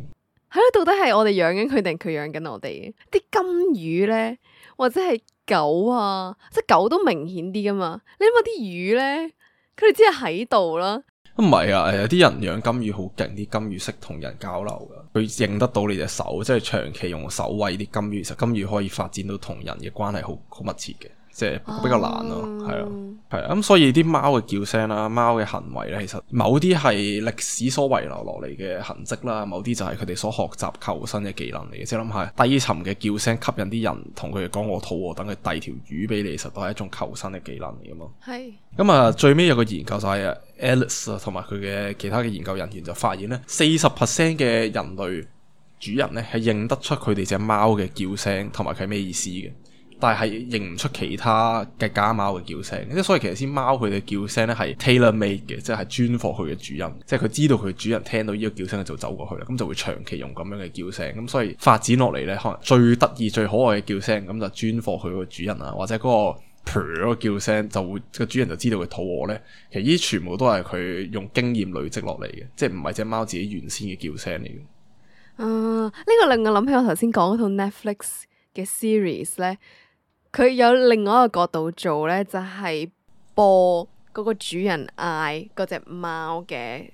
係咯， <noise> <noise> 到底係我哋養緊佢定佢養緊我哋？啲金魚咧，或者係狗啊，即係狗都明顯啲噶嘛？你諗下啲魚咧，佢哋只係喺度啦。唔係啊，有啲人養金魚好勁，啲金魚識同人交流嘅，佢認得到你隻手，即係長期用手餵啲金魚，其實金魚可以發展到同人嘅關係好好密切嘅，即係比較難咯，係啊，係、嗯、啊，咁所以啲貓嘅叫聲啦、啊，貓嘅行為咧，其實某啲係歷史所遺留落嚟嘅痕跡啦，某啲就係佢哋所學習求生嘅技能嚟嘅，即係諗下低沉嘅叫聲吸引啲人，同佢哋講我肚餓，等佢遞條魚俾你，其實都係一種求生嘅技能嚟嘅嘛。係是。咁啊，最尾有個研究就係啊。Alice 啊，同埋佢嘅其他嘅研究人員就發現咧，四十 percent 嘅人類主人咧，係認得出佢哋隻貓嘅叫聲同埋佢係咩意思嘅，但係係認唔出其他嘅家貓嘅叫聲。即係所以其實先貓佢哋嘅叫聲咧係 tailor-made 嘅，即係係專服佢嘅主人，即係佢知道佢主人聽到呢個叫聲就走過去啦，咁就會長期用咁樣嘅叫聲。咁所以發展落嚟咧，可能最得意、最可愛嘅叫聲咁就專服佢個主人啊，或者嗰個。嗰、呃這個叫聲就會，個主人就知道佢肚餓咧。其實呢啲全部都係佢用經驗累積落嚟嘅，即係唔係隻貓自己原先嘅叫聲嚟嘅。嗯，呢個令我諗起我頭先講嗰套 Netflix 嘅 series 咧，佢有另外一個角度做咧，就係、是、播嗰個主人嗌嗰隻貓嘅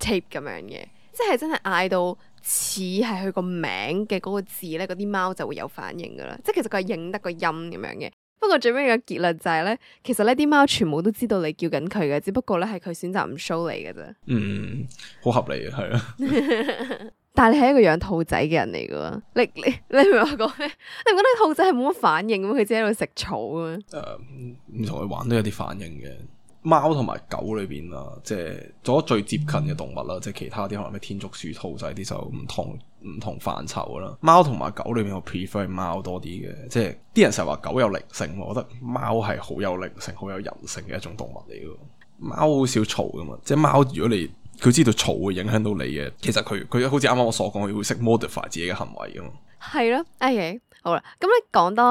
tape 咁樣嘅，即係真係嗌到似係佢個名嘅嗰個字咧，嗰啲貓就會有反應噶啦。即係其實佢係認得個音咁樣嘅。不過最尾嘅結論就係、是、咧，其實咧啲貓全部都知道你叫緊佢嘅，只不過咧係佢選擇唔 show 你嘅啫。嗯，好合理嘅，係啊。 <laughs> <laughs> 但係你係一個養兔仔嘅人嚟噶，你你你明唔明我講咩？你唔覺得兔仔係冇乜反應咁，佢只喺度食草啊？誒、呃，唔同佢玩都有啲反應嘅。貓同埋狗裏邊啊，即係做得最接近嘅動物啦，即係其他啲可能咩天竺鼠、兔仔啲就唔同唔同範疇啦。貓同埋狗裏邊，我 prefer 貓多啲嘅，即係啲人成日話狗有靈性，我覺得貓係好有靈性、好有人性嘅一種動物嚟嘅。貓好少嘈噶嘛，即係貓如果你佢知道嘈會影響到你嘅，其實佢佢好似啱啱我所講，佢會識 modify 自己嘅行為噶嘛。係咯，哎，okay. 好啦，咁你講多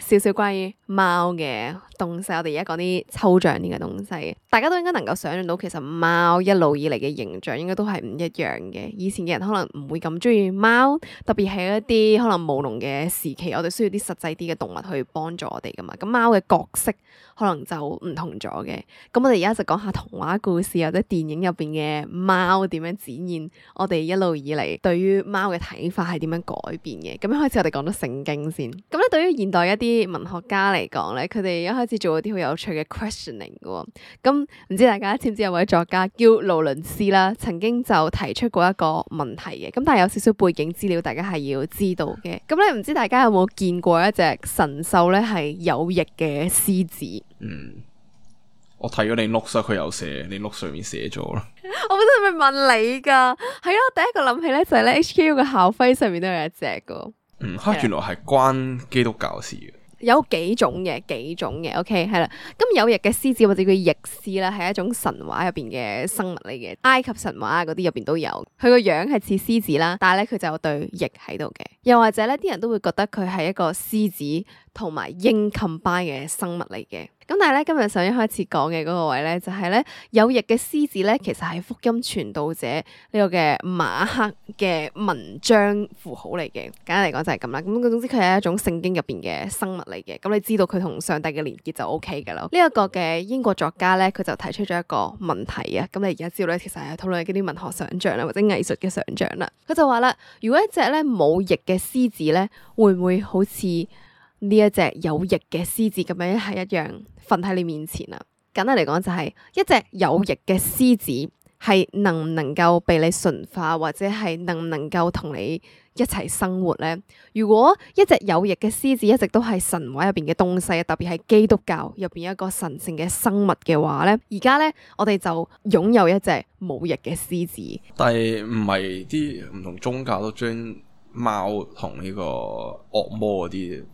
少少關於貓嘅東西，我哋而家講啲抽象啲嘅東西。大家都應該能夠想像到，其實貓一路以嚟嘅形象應該都係唔一樣嘅。以前嘅人可能唔會咁中意貓，特別係一啲可能務農嘅時期，我哋需要啲實際啲嘅動物去幫助我哋㗎嘛。咁貓嘅角色可能就唔同咗嘅。咁我哋而家就講下童話故事或者電影入邊嘅貓點樣展現我哋一路以嚟對於貓嘅睇法係點樣改變嘅。咁一開始我哋講咗聖經先。咁咧，對於現代一啲文學家嚟講咧，佢哋一開始做咗啲好有趣嘅 questioning 嘅。咁唔知大家知唔知有位作家叫勞倫斯啦，曾經就提出過一個問題嘅，咁但係有少少背景資料，大家係要知道嘅。咁、嗯、咧，唔知大家有冇見過一隻神獸咧，係有翼嘅獅子？嗯，我睇咗你 note，佢有寫，你 note 上面寫咗啦。我本身係咪問你噶，係咯，第一個諗起咧就係咧 HKU 嘅校徽上面都有一隻噶。嗯，吓、啊，Yeah. 原來係關基督教事嘅。有幾種嘅，幾種嘅，OK，係啦。咁有翼嘅獅子或者叫翼獅啦，係一種神話入邊嘅生物嚟嘅，埃及神話嗰啲入邊都有。佢個樣係似獅子啦，但係咧佢就有對翼喺度嘅。又或者咧，啲人都會覺得佢係一個獅子。同埋應禽拜嘅生物嚟嘅。咁，但係咧今日上一開始講嘅嗰個位咧，就係咧有翼嘅獅子咧，其實係福音傳道者呢個嘅馬克嘅文章符號嚟嘅。簡單嚟講就係咁啦。咁佢總之佢係一種聖經入邊嘅生物嚟嘅。咁你知道佢同上帝嘅連結就 O K 噶啦。呢、這、一個嘅英國作家咧，佢就提出咗一個問題啊。咁你而家知道咧，其實係討論緊啲文學想象啦，或者藝術嘅想象啦。佢就話啦，如果一隻咧冇翼嘅獅子咧，會唔會好似？呢一隻有翼嘅獅子咁樣係一樣瞓喺你面前啊！簡單嚟講，就係一隻有翼嘅獅子係能唔能夠被你馴化，或者係能唔能夠同你一齊生活咧？如果一隻有翼嘅獅子一直都係神話入邊嘅東西，特別係基督教入邊一個神聖嘅生物嘅話咧，而家咧我哋就擁有一隻冇翼嘅獅子。但係唔係啲唔同宗教都將貓同呢個惡魔嗰啲？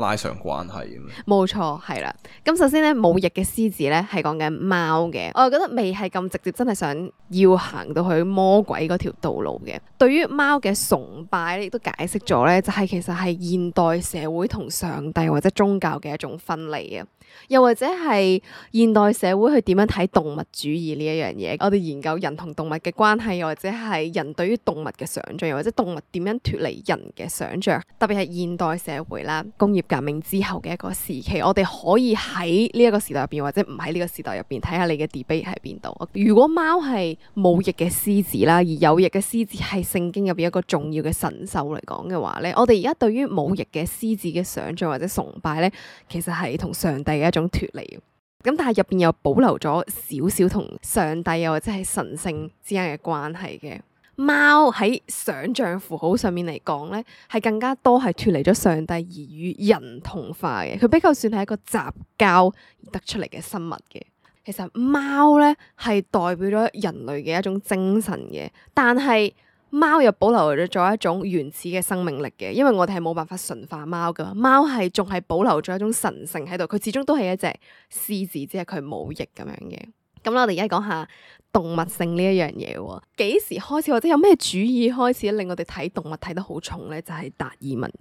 拉上關係咁，冇錯，係啦。咁首先咧，冇翼嘅獅子咧係講緊貓嘅，我覺得未係咁直接，真係想要行到去魔鬼嗰條道路嘅。對於貓嘅崇拜，亦都解釋咗咧，就係、是、其實係現代社會同上帝或者宗教嘅一種分離啊。又或者係現代社會去點樣睇動物主義呢一樣嘢？我哋研究人同動物嘅關係，又或者係人對於動物嘅想象，又或者動物點樣脫離人嘅想象？特別係現代社會啦，工業革命之後嘅一個時期，我哋可以喺呢一個時代入邊，或者唔喺呢個時代入邊睇下你嘅 debate 喺邊度。如果貓係冇翼嘅獅子啦，而有翼嘅獅子係聖經入邊一個重要嘅神獸嚟講嘅話咧，我哋而家對於冇翼嘅獅子嘅想象或者崇拜咧，其實係同上帝。係一種脫離咁，但係入邊又保留咗少少同上帝又或者係神聖之間嘅關係嘅。貓喺想象符號上面嚟講咧，係更加多係脫離咗上帝而與人同化嘅。佢比較算係一個雜交而得出嚟嘅生物嘅。其實貓咧係代表咗人類嘅一種精神嘅，但係。貓又保留咗一種原始嘅生命力嘅，因為我哋係冇辦法馴化貓噶，貓係仲係保留咗一種神性喺度，佢始終都係一隻獅子，即係佢冇翼咁樣嘅。咁啦，我哋而家講下動物性呢一樣嘢喎，幾時開始或者有咩主意開始令我哋睇動物睇得好重咧？就係達爾文。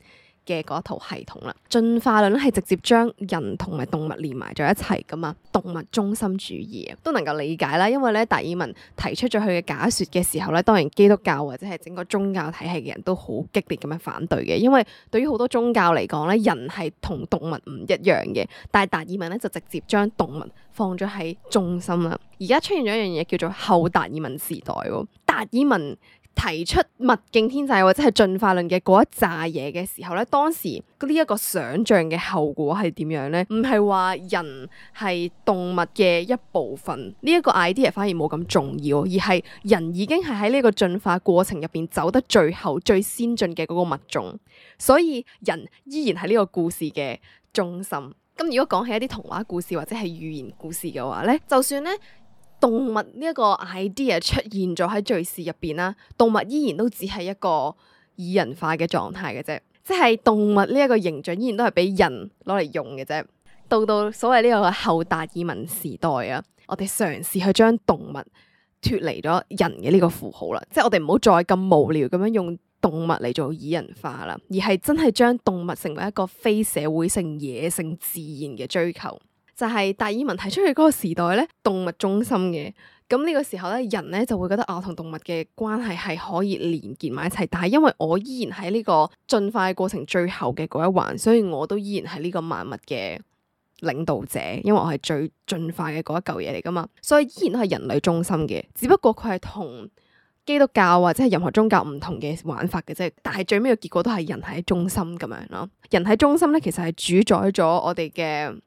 嘅一套系統啦，進化論咧係，直接將人同埋動物連埋咗一齊噶嘛，動物中心主義啊，都能夠理解啦。因為咧，達爾文提出咗佢嘅假說嘅時候咧，當然基督教或者係整個宗教體系嘅人都好激烈咁樣反對嘅，因為對於好多宗教嚟講咧，人係同動物唔一樣嘅，但係達爾文咧就直接將動物放咗喺中心啦。而家出現咗一樣嘢叫做後達爾文時代，達爾文。提出物競天擇或者係進化論嘅嗰一紮嘢嘅時候咧，當時呢一個想象嘅後果係點樣咧？唔係話人係動物嘅一部分，呢一個 idea 反而冇咁重要，而係人已經係喺呢個進化過程入邊走得最後、最先進嘅嗰個物種，所以人依然係呢個故事嘅中心。咁如果講起一啲童話故事或者係寓言故事嘅話咧，就算咧。動物呢一個 idea 出現咗喺敘事入邊啦，動物依然都只係一個擬人化嘅狀態嘅啫，即係動物呢一個形象，依然都係俾人攞嚟用嘅啫。到到所謂呢個後達爾文時代啊，我哋嘗試去將動物脫離咗人嘅呢個符號啦，即係我哋唔好再咁無聊咁樣用動物嚟做擬人化啦，而係真係將動物成為一個非社會性、野性自然嘅追求。就係達爾文提出去嗰個時代咧，動物中心嘅。咁呢個時候咧，人咧就會覺得啊，同動物嘅關係係可以連結埋一齊。但係因為我依然喺呢個進化過程最後嘅嗰一環，所以我都依然係呢個萬物嘅領導者。因為我係最進化嘅嗰一嚿嘢嚟㗎嘛，所以依然都係人類中心嘅。只不過佢係同基督教或者係任何宗教唔同嘅玩法嘅啫。但係最尾嘅結果都係人喺中心咁樣咯。人喺中心咧，其實係主宰咗我哋嘅。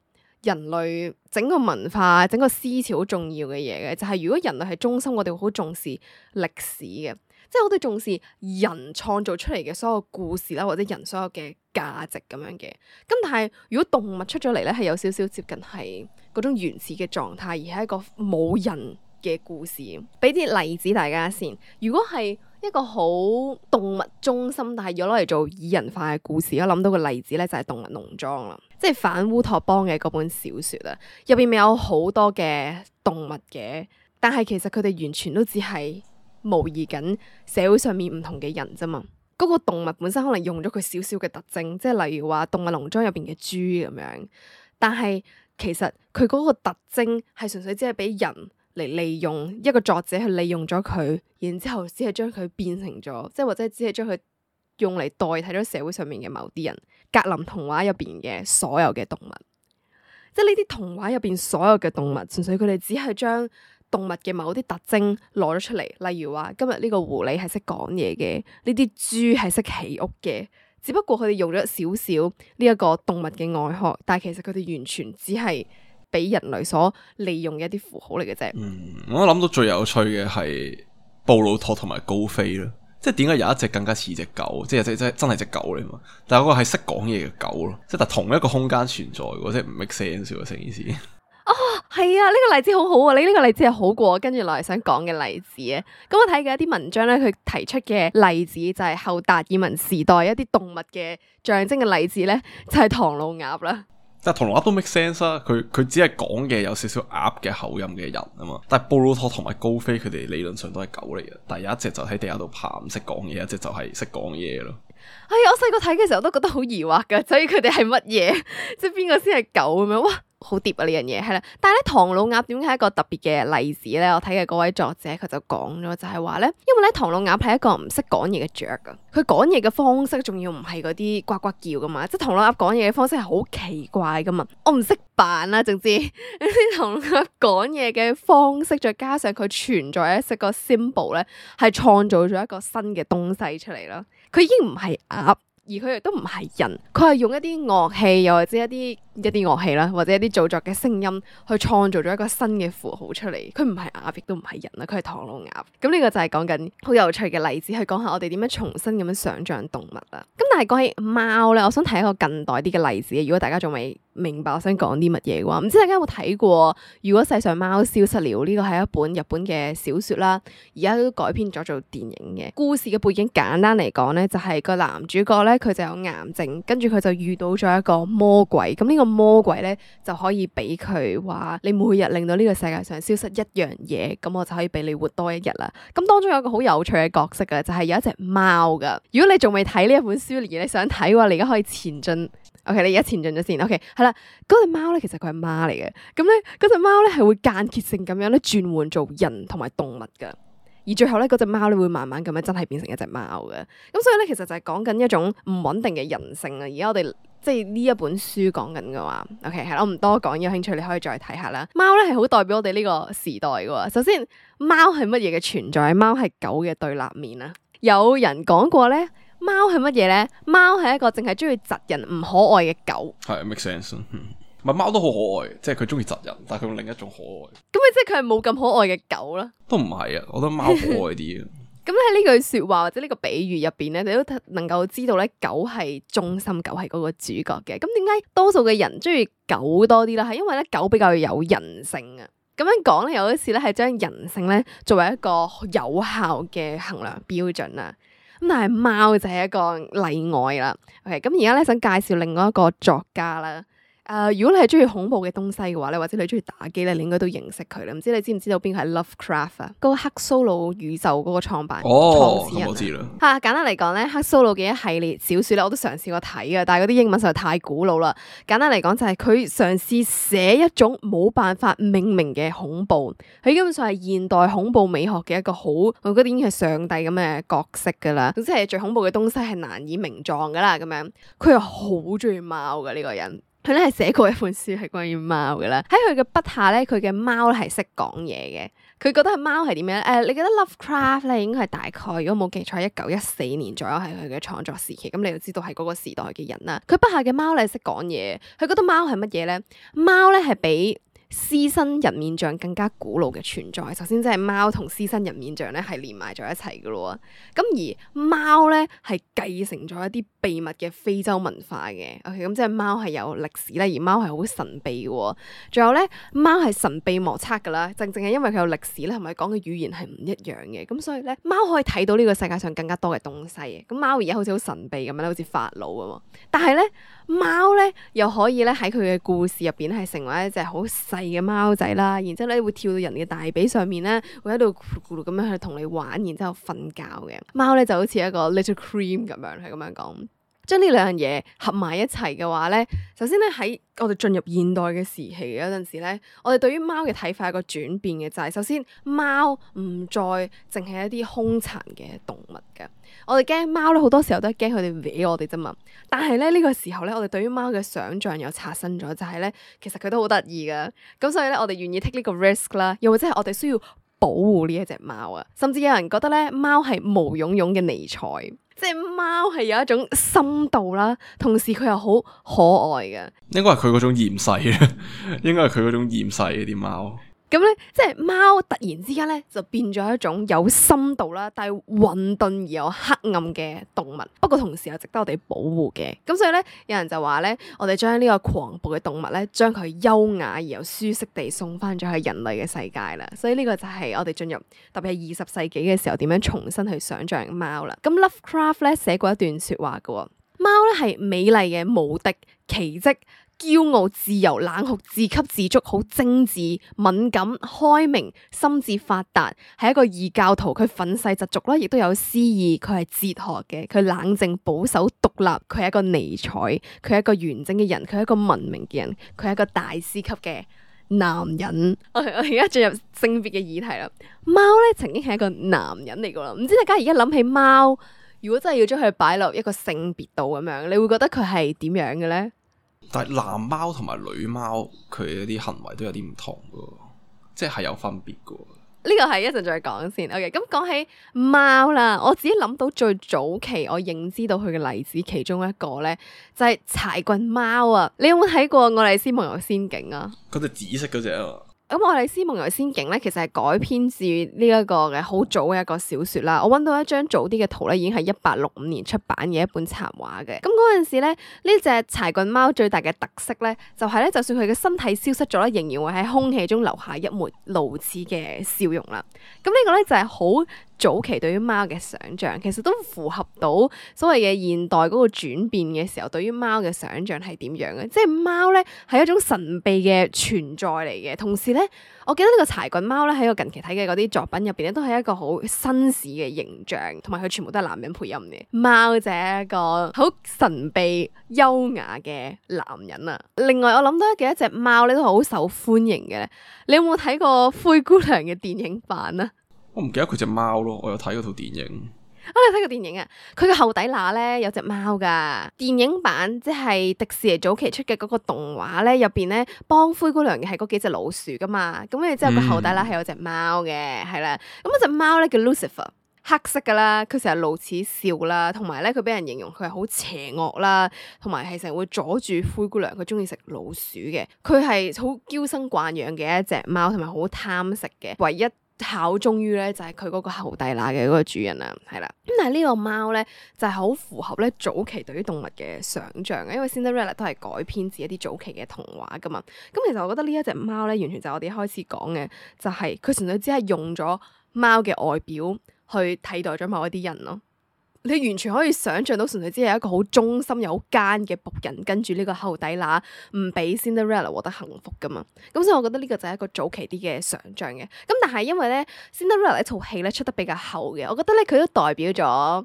人類整個文化整個思潮好重要嘅嘢嘅，就係如果人類係中心，我哋會好重視歷史嘅，即係我哋重視人創造出嚟嘅所有故事啦，或者人所有嘅價值咁樣嘅。咁但係如果動物出咗嚟咧，係有少少接近係嗰種原始嘅狀態，而係一個冇人嘅故事，俾啲例子大家先。如果係一個好動物中心，但係要攞嚟做擬人化嘅故事，我諗到個例子咧就係動物農莊啦，即係反烏托邦嘅嗰本小說啦。入邊咪有好多嘅動物嘅，但係其實佢哋完全都只係模擬緊社會上面唔同嘅人啫嘛。嗰個動物本身可能用咗佢少少嘅特徵，即係例如話動物農莊入邊嘅豬咁樣，但係其實佢嗰個特徵係純粹只係俾人。嚟利用一個作者去利用咗佢，然之後只係將佢變成咗，即係或者只係將佢用嚟代替咗社會上面嘅某啲人。格林童話入邊嘅所有嘅動物，即係呢啲童話入邊所有嘅動物，純粹佢哋只係將動物嘅某啲特徵攞咗出嚟，例如話今日呢個狐狸係識講嘢嘅，呢啲豬係識起屋嘅，只不過佢哋用咗少少呢一個動物嘅外殼，但係其實佢哋完全只係。俾人類所利用嘅一啲符號嚟嘅啫。嗯，我諗到最有趣嘅係布魯托同埋高飛啦，即係點解有一隻更加似隻狗，即係真真真係隻狗嚟嘛？但係嗰個係識講嘢嘅狗咯，即係同一個空間存在，即係唔 make sense 成件事。哦，係啊，呢個例子好好啊，你呢個例子係好過我跟住落嚟想講嘅例子啊。咁我睇嘅一啲文章咧，佢提出嘅例子就係後達爾文時代一啲動物嘅象徵嘅例子咧，就係唐老鴨啦。但係唐老鴨都 make sense 啊，佢佢只係講嘅有少少鴨嘅口音嘅人啊嘛，但係布魯托同埋高飛佢哋理論上都係狗嚟嘅，但係有一隻就喺地下度爬，唔識講嘢，一隻就係識講嘢咯。係啊、哎，我細個睇嘅時候我都覺得好疑惑嘅，所以佢哋係乜嘢？即係邊個先係狗咁樣？哇！好跌啊呢樣嘢，係啦，但係咧，唐老鴨點解係一個特別嘅例子咧？我睇嘅嗰位作者佢就講咗，就係話咧，因為咧，唐老鴨係一個唔識講嘢嘅雀噶，佢講嘢嘅方式仲要唔係嗰啲呱呱叫噶嘛，即係唐老鴨講嘢嘅方式係好奇怪噶嘛，我唔識扮啦，總之呢啲 <laughs> 唐老鴨講嘢嘅方式，再加上佢存在一 set 個 symbol 咧，係創造咗一個新嘅東西出嚟咯，佢已經唔係鴨，而佢亦都唔係人，佢係用一啲樂器又或者一啲。一啲樂器啦，或者一啲造作嘅聲音，去創造咗一個新嘅符號出嚟。佢唔係鴨亦都唔係人啦，佢係唐老鴨。咁呢個就係講緊好有趣嘅例子，去講下我哋點樣重新咁樣想象動物啦。咁但係講起貓呢，我想睇一個近代啲嘅例子。如果大家仲未明白我想講啲乜嘢嘅話，唔知大家有冇睇過《如果世上貓消失了》？呢個係一本日本嘅小說啦，而家都改編咗做電影嘅。故事嘅背景簡單嚟講呢，就係個男主角呢，佢就有癌症，跟住佢就遇到咗一個魔鬼。咁呢個魔鬼咧就可以俾佢話你每日令到呢個世界上消失一樣嘢，咁我就可以俾你活多一日啦。咁當中有一個好有趣嘅角色嘅，就係有一隻貓噶。如果你仲未睇呢一本書，你想睇嘅話，你而家可以前進。OK，你而家前進咗先。OK，係啦，嗰隻貓咧其實佢係貓嚟嘅。咁咧嗰隻貓咧係會間歇性咁樣咧轉換做人同埋動物噶。而最後咧嗰隻貓咧會慢慢咁樣真係變成一隻貓嘅。咁所以咧其實就係講緊一種唔穩定嘅人性啊。而家我哋。即係呢一本書講緊嘅話，OK 係啦，我唔多講，有興趣你可以再睇下啦。貓咧係好代表我哋呢個時代嘅。首先，貓係乜嘢嘅存在？貓係狗嘅對立面啊！有人講過咧，貓係乜嘢咧？貓係一個淨係中意窒人唔可愛嘅狗。係 make sense，唔係貓都好可愛，即係佢中意窒人，但係佢用另一種可愛。咁咪即係佢係冇咁可愛嘅狗啦？都唔係啊！我覺得貓可愛啲。 <laughs> 咁喺呢句說話或者呢個比喻入邊咧，你都能夠知道咧，狗係忠心，狗係嗰個主角嘅。咁點解多數嘅人中意狗多啲啦？係因為咧狗比較有人性啊。咁樣講咧，有一次咧係將人性咧作為一個有效嘅衡量標準啦。咁但係貓就係一個例外啦。OK，咁而家咧想介紹另外一個作家啦。誒、呃，如果你係中意恐怖嘅東西嘅話咧，或者你中意打機咧，你應該都認識佢啦。唔知你知唔知道邊個係 Lovecraft 啊？嗰個黑蘇魯宇宙嗰個創辦、哦、創始人吓、啊嗯啊。簡單嚟講咧，黑蘇魯嘅一系列小說咧，我都嘗試過睇嘅，但係嗰啲英文實在太古老啦。簡單嚟講就係佢嘗試寫一種冇辦法命名嘅恐怖，佢基本上係現代恐怖美學嘅一個好，我覺得已經係上帝咁嘅角色噶啦。總之係最恐怖嘅東西係難以名狀噶啦。咁樣，佢係好中意貓嘅呢個人。佢咧係寫過一本書係關於貓嘅啦，喺佢嘅筆下咧，佢嘅貓係識講嘢嘅。佢覺得係貓係點樣誒、呃，你覺得 Lovecraft 咧應該係大概，如果冇記錯，係一九一四年左右係佢嘅創作時期，咁你就知道係嗰個時代嘅人啦。佢筆下嘅貓咧係識講嘢，佢覺得貓係乜嘢咧？貓咧係比獅身人面像更加古老嘅存在。首先，即係貓同獅身人面像咧係連埋咗一齊噶咯喎。咁而貓咧係繼承咗一啲。秘密嘅非洲文化嘅，咁、okay，即係貓係有歷史啦，而貓係好神秘嘅。仲有咧，貓係神秘莫測噶啦，正正係因為佢有歷史啦，同埋講嘅語言係唔一樣嘅，咁所以咧，貓可以睇到呢個世界上更加多嘅東西。咁貓而家好似好神秘咁樣咧，好似法老啊嘛。但係咧，貓咧又可以咧喺佢嘅故事入邊係成為一隻好細嘅貓仔啦，然之後咧會跳到人嘅大髀上面咧，會喺度咕嚕咕嚕咁樣去同你玩，然之後瞓覺嘅貓咧就好似一個 little cream 咁樣，係咁樣講。將呢兩樣嘢合埋一齊嘅話咧，首先咧喺我哋進入現代嘅時期嗰陣時咧，我哋對於貓嘅睇法有個轉變嘅，就係首先貓唔再淨係一啲兇殘嘅動物噶。我哋驚貓咧好多時候都係驚佢哋搲我哋啫嘛。但係咧呢個時候咧，我哋對於貓嘅想象又刷新咗，就係咧其實佢都好得意噶。咁所以咧我哋願意 take 呢個 risk 啦，又或者係我哋需要保護呢一隻貓啊。甚至有人覺得咧貓係毛茸茸嘅尼采。即係貓係有一種深度啦，同時佢又好可愛嘅。應該係佢嗰種厭世嘅，應該係佢嗰種厭世嘅啲貓。咁咧，即係貓突然之間咧就變咗一種有深度啦，但係混沌而又黑暗嘅動物。不過同時又值得我哋保護嘅。咁所以咧，有人就話咧，我哋將呢個狂暴嘅動物咧，將佢優雅而又舒適地送翻咗去人類嘅世界啦。所以呢個就係我哋進入特別係二十世紀嘅時候，點樣重新去想象貓啦。咁 Lovecraft 咧寫過一段說話㗎，貓咧係美麗嘅無敵奇蹟。驕傲、自由、冷酷、自給自足，好精緻、敏感、開明、心智發達，係一個異教徒。佢憤世嫉俗啦，亦都有詩意。佢係哲學嘅，佢冷靜、保守、獨立。佢係一個尼采，佢係一個完整嘅人，佢係一個文明嘅人，佢係一個大師級嘅男人。Okay，我而家進入性別嘅議題啦。貓咧曾經係一個男人嚟噶啦，唔知大家而家諗起貓，如果真係要將佢擺落一個性別度咁樣，你會覺得佢係點樣嘅咧？但係男貓同埋女貓佢啲行為都有啲唔同嘅，即係有分別嘅。呢個係一陣再講先。OK，咁講起貓啦，我自己諗到最早期我認知到佢嘅例子其中一個咧，就係柴棍貓啊。你有冇睇過《我哋私朋友仙境》啊？嗰隻紫色嗰隻啊！咁《愛麗絲夢遊仙境》咧，其實係改編自呢一個嘅好早嘅一個小説啦。我揾到一張早啲嘅圖咧，已經係一八六五年出版嘅一本插畫嘅。咁嗰陣時咧，呢隻柴郡貓最大嘅特色咧，就係咧，就算佢嘅身體消失咗咧，仍然會喺空氣中留下一抹露齒嘅笑容啦。咁呢個咧就係好。早期對於貓嘅想象，其實都符合到所謂嘅現代嗰個轉變嘅時候，對於貓嘅想象係點樣嘅？即係貓咧係一種神秘嘅存在嚟嘅，同時咧，我記得呢個柴郡貓咧喺我近期睇嘅嗰啲作品入邊咧，都係一個好紳士嘅形象，同埋佢全部都係男人配音嘅。貓就係一個好神秘優雅嘅男人啊！另外，我諗到幾多隻貓咧都係好受歡迎嘅。你有冇睇過灰姑娘嘅電影版啊？我唔記得佢隻貓咯，我有睇過套電影。你睇過電影啊，佢個後底乸咧有隻貓噶。電影版即係迪士尼早期出嘅嗰個動畫咧，入邊咧幫灰姑娘嘅係嗰幾隻老鼠噶嘛。咁然之後個後底乸係有隻貓嘅，係啦。咁嗰隻貓咧叫 Lucifer，黑色噶啦。佢成日露齒笑啦，同埋咧佢俾人形容佢係好邪惡啦，同埋係成日會阻住灰姑娘佢中意食老鼠嘅。佢係好嬌生慣養嘅一隻貓，同埋好貪食嘅，唯一。效忠於咧就係佢嗰個後底乸嘅嗰個主人啦，係啦。咁但係呢個貓咧就係、是、好符合咧早期對於動物嘅想像嘅，因為《Cinderella》都係改編自一啲早期嘅童話㗎嘛。咁、嗯、其實我覺得呢一隻貓咧，完全就係我哋開始講嘅，就係、是、佢純粹只係用咗貓嘅外表去替代咗某一啲人咯。你完全可以想象到，純粹只係一個好忠心又好奸嘅僕人，跟住呢個後底乸唔俾 Cinderella 獲得幸福噶嘛。咁所以我覺得呢個就係一個早期啲嘅想象嘅。咁但係因為咧 Cinderella 呢套戲咧出得比較後嘅，我覺得咧佢都代表咗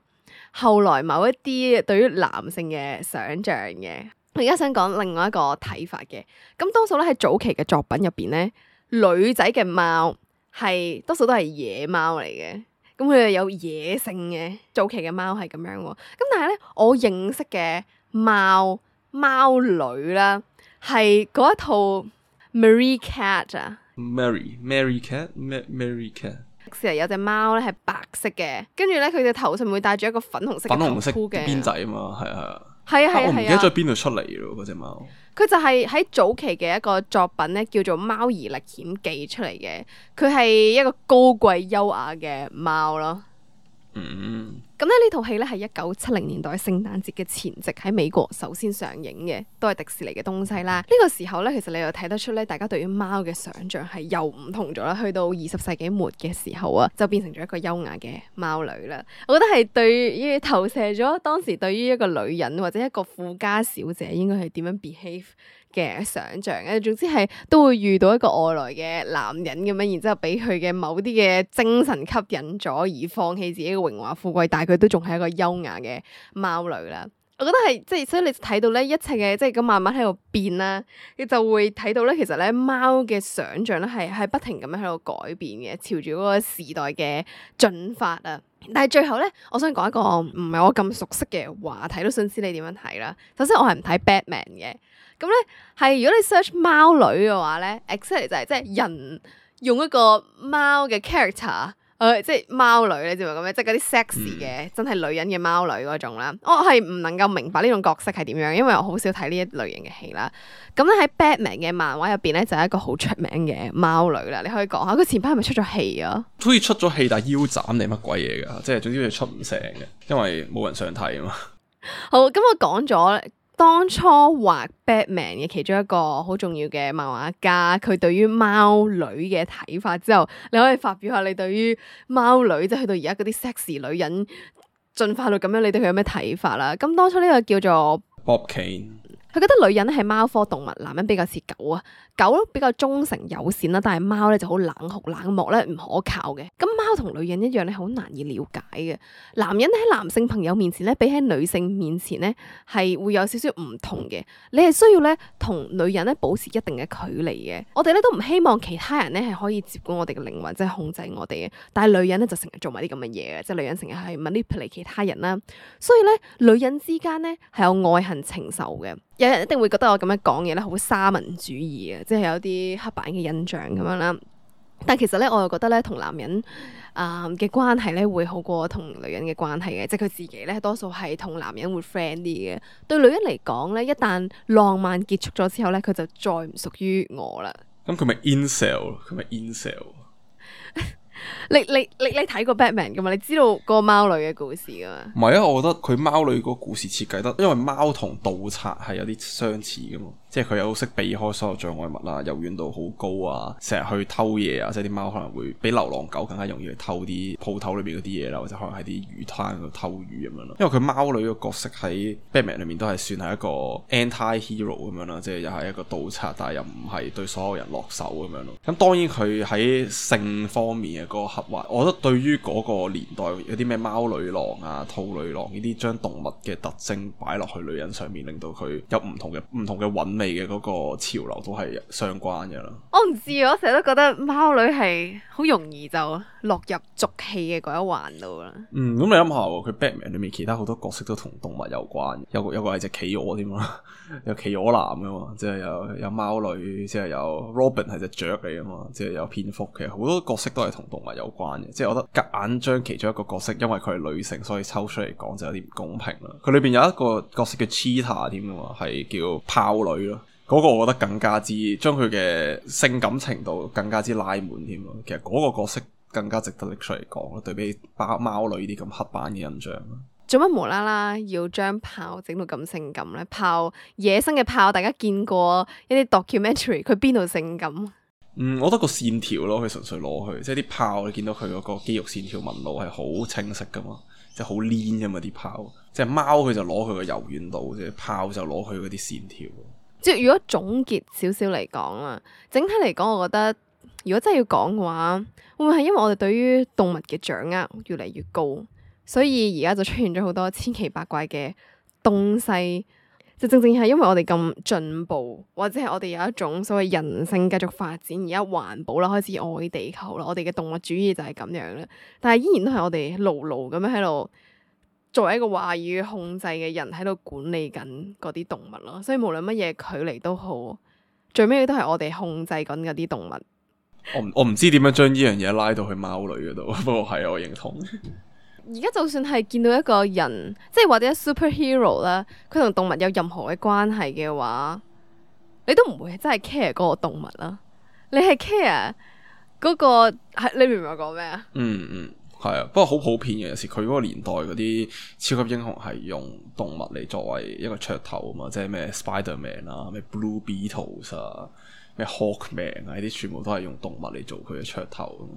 後來某一啲對於男性嘅想象嘅。我而家想講另外一個睇法嘅。咁多數咧喺早期嘅作品入邊咧，女仔嘅貓係多數都係野貓嚟嘅。咁佢哋有野性嘅早期嘅貓係咁樣喎，咁但係咧我認識嘅貓貓女啦，係嗰一套 Mary Cat Mary, Mary Cat 啊 Ma,，Mary Mary Cat，Mary Cat。其實有隻貓咧係白色嘅，跟住咧佢嘅頭上會戴住一個粉紅色嘅邊仔啊嘛，係啊。係啊，係啊，我唔記得咗邊度出嚟咯，嗰隻貓。佢、啊、就係喺早期嘅一個作品咧，叫做《貓兒歷險記》出嚟嘅。佢係一個高貴優雅嘅貓咯。嗯。咁咧呢套戲咧係一九七零年代聖誕節嘅前夕喺美國首先上映嘅，都係迪士尼嘅東西啦。呢個時候咧，其實你又睇得出咧，大家對於貓嘅想象係又唔同咗啦。去到二十世紀末嘅時候啊，就變成咗一個優雅嘅貓女啦。我覺得係對於投射咗當時對於一個女人或者一個富家小姐應該係點樣 behave 嘅想象嘅。總之係都會遇到一個外來嘅男人咁樣，然之後俾佢嘅某啲嘅精神吸引咗，而放棄自己嘅榮華富貴，但係佢。佢都仲係一個優雅嘅貓女啦，我覺得係即係，所以你睇到咧，一切嘅即係咁慢慢喺度變啦，你就會睇到咧，其實咧貓嘅想象咧係喺不停咁樣喺度改變嘅，朝住嗰個時代嘅進發啊！但係最後咧，我想講一個唔係我咁熟悉嘅話題，都想知你點樣睇啦。首先我係唔睇 Batman 嘅，咁咧係如果你 search 貓女嘅話咧，exactly 就係即係人用一個貓嘅 character。嗯、即係貓女你知係咁樣，即係嗰啲 sexy 嘅，真係女人嘅貓女嗰種啦。我係唔能夠明白呢種角色係點樣，因為我好少睇呢一類型嘅戲啦。咁咧喺 Batman 嘅漫畫入邊咧，就係、是、一個好出名嘅貓女啦。你可以講下佢前排係咪出咗戲啊？好似出咗戲，但係腰斬定乜鬼嘢噶？即係總之佢出唔成嘅，因為冇人想睇啊嘛。好，咁、嗯、我講咗。當初畫 Batman 嘅其中一個好重要嘅漫畫家，佢對於貓女嘅睇法之後，你可以發表下你對於貓女，即係去到而家嗰啲 sexy 女人進化到咁樣，你對佢有咩睇法啦？咁當初呢個叫做 Bob Kane 佢覺得女人咧係貓科動物，男人比較似狗啊。狗比較忠誠友善啦，但係貓咧就好冷酷冷漠咧，唔可靠嘅。咁貓同女人一樣咧，好難以了解嘅。男人喺男性朋友面前咧，比喺女性面前咧，係會有少少唔同嘅。你係需要咧同女人咧保持一定嘅距離嘅。我哋咧都唔希望其他人咧係可以接管我哋嘅靈魂，即係控制我哋嘅。但係女人咧就成日做埋啲咁嘅嘢嘅，即係女人成日去 manipulate 其他人啦。所以咧，女人之間咧係有愛恨情仇嘅。有人一定會覺得我咁樣講嘢咧好沙文主義嘅，即係有啲刻板嘅印象咁樣啦。但其實咧，我又覺得咧，同男人啊嘅、呃、關係咧會好過同女人嘅關係嘅，即係佢自己咧多數係同男人會 friend 啲嘅。對女人嚟講咧，一旦浪漫結束咗之後咧，佢就再唔屬於我啦。咁佢咪 incel，佢咪 incel 你你你你睇過 Batman 噶嘛？你知道個貓女嘅故事噶嘛？唔係啊，我覺得佢貓女個故事設計得，因為貓同盜賊係有啲相似噶嘛。即係佢又識避開所有障礙物啊，柔軟度好高啊，成日去偷嘢啊，即係啲貓可能會比流浪狗更加容易去偷啲鋪頭裏面嗰啲嘢啦，或者可能喺啲魚攤度偷魚咁樣咯。因為佢貓女嘅角色喺 Batman 裏面都係算係一個 anti-hero 咁、啊、樣啦，即係又係一個盜賊，但係又唔係對所有人落手咁樣咯。咁當然佢喺性方面嘅嗰個刻畫，我覺得對於嗰個年代有啲咩貓女郎啊、兔女郎呢啲將動物嘅特徵擺落去女人上面，令到佢有唔同嘅唔同嘅韻嘅嗰個潮流都係相關嘅啦。我唔知，我成日都覺得貓女係好容易就落入俗氣嘅嗰一環度啦。嗯，咁你諗下，佢 Batman 裏面其他好多角色都同動物有關，有，有個有個係隻企鵝添嘛， <laughs> 有企鵝男噶嘛，即係有有貓女，即係有 Robin 係隻雀嚟噶嘛，即係有蝙蝠。其實好多角色都係同動物有關嘅。即係我覺得夾硬將其中一個角色，因為佢係女性，所以抽出嚟講就有啲唔公平啦。佢裏邊有一個角色叫 Cheetah 添噶嘛，係叫豹女嗰個我覺得更加之將佢嘅性感程度更加之拉滿添咯，其實嗰個角色更加值得拎出嚟講咯，對比貓貓女呢啲咁黑板嘅印象。做乜無啦啦要將豹整到咁性感呢？豹，野生嘅豹，大家見過一啲 documentary，佢邊度性感？嗯，我覺得個線條咯，佢純粹攞去，即係啲豹你見到佢嗰個肌肉線條紋路係好清晰噶嘛，即係好黏噶嘛啲豹。即係貓佢就攞佢個柔軟度，即係豹就攞佢嗰啲線條。即係如果總結少少嚟講啊，整體嚟講，我覺得如果真係要講嘅話，會唔會係因為我哋對於動物嘅掌握越嚟越高，所以而家就出現咗好多千奇百怪嘅東西？就正正係因為我哋咁進步，或者係我哋有一種所謂人性繼續發展，而家環保啦，開始愛地球啦，我哋嘅動物主義就係咁樣啦。但係依然都係我哋牢牢咁樣喺度。作為一個話語控制嘅人喺度管理緊嗰啲動物咯，所以無論乜嘢距離都好，最尾都係我哋控制緊嗰啲動物。我唔我唔知點樣將呢樣嘢拉到去貓女嗰度，不過係我認同。而家 <laughs> 就算係見到一個人，即係或者 superhero 啦，佢同動物有任何嘅關係嘅話，你都唔會真係 care 嗰個動物啦。你係 care 嗰個係你明唔明我講咩啊？嗯嗯。係啊，不過好普遍嘅，有時佢嗰個年代嗰啲超級英雄係用動物嚟作為一個噱頭啊嘛，即係咩 Spiderman 啊，咩 Blue Beatles 啊，咩 Hawkman 啊，呢啲全部都係用動物嚟做佢嘅噱頭，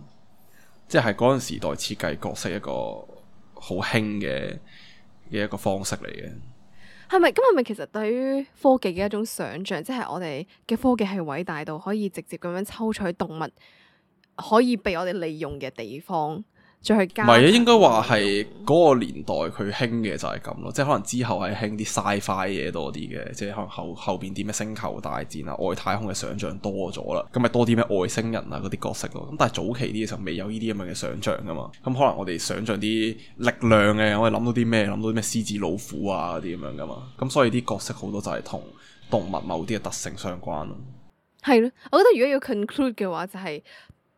即係嗰陣時代設計角色一個好興嘅嘅一個方式嚟嘅。係咪咁？係咪其實對於科技嘅一種想象，即係我哋嘅科技係偉大到可以直接咁樣抽取動物可以被我哋利用嘅地方？唔係啊，應該話係嗰個年代佢興嘅就係咁咯，即係可能之後係興啲 sci-fi 嘢多啲嘅，即係可能後後邊啲咩星球大戰啊、外太空嘅想像多咗啦，咁咪多啲咩外星人啊嗰啲角色咯、啊。咁但係早期啲嘅時候未有呢啲咁樣嘅想像噶嘛，咁可能我哋想像啲力量嘅，我哋諗到啲咩？諗到啲咩獅子老虎啊嗰啲咁樣噶嘛，咁所以啲角色好多就係同動物某啲嘅特性相關咯。係咯，我覺得如果要 conclude 嘅話、就是，就係。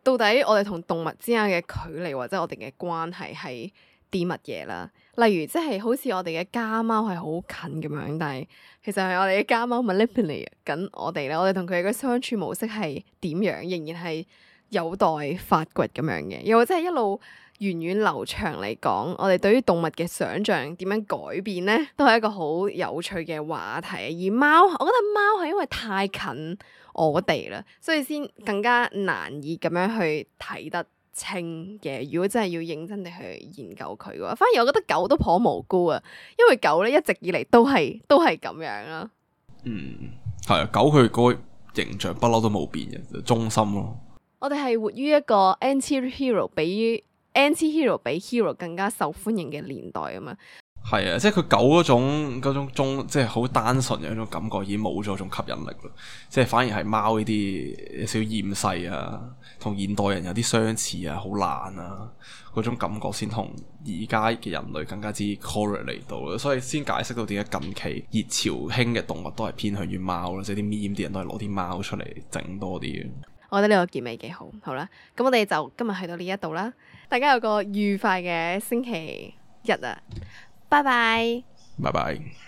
到底我哋同動物之間嘅距離或者我哋嘅關係係啲乜嘢啦？例如，即係好似我哋嘅家貓係好近咁樣，但係其實係我哋嘅家貓咪 link 嚟緊我哋咧，我哋同佢嘅相處模式係點樣？仍然係有待發掘咁樣嘅，又或者係一路源遠流長嚟講，我哋對於動物嘅想象點樣改變咧，都係一個好有趣嘅話題。而貓，我覺得貓係因為太近。我哋啦，所以先更加難以咁樣去睇得清嘅。如果真係要認真地去研究佢嘅話，反而我覺得狗都頗無辜啊，因為狗咧一直以嚟都係都係咁樣啦。嗯，係啊，狗佢嗰形象不嬲都冇變嘅，忠心咯。我哋係活於一個 anti hero 比 anti hero 比 hero 更加受歡迎嘅年代啊嘛。係啊，即係佢狗嗰種嗰種中，即係好單純嘅一種感覺，已經冇咗種吸引力咯。即係反而係貓呢啲有少少厭世啊，同現代人有啲相似啊，好懶啊嗰種感覺，先同而家嘅人類更加之 correlate 到咯。所以先解釋到點解近期熱潮興嘅動物都係偏向於貓咯，即係啲 meme 啲人都係攞啲貓出嚟整多啲嘅。我覺得呢個結尾幾好，好啦，咁我哋就今日去到呢一度啦。大家有個愉快嘅星期一啊！拜拜，拜拜。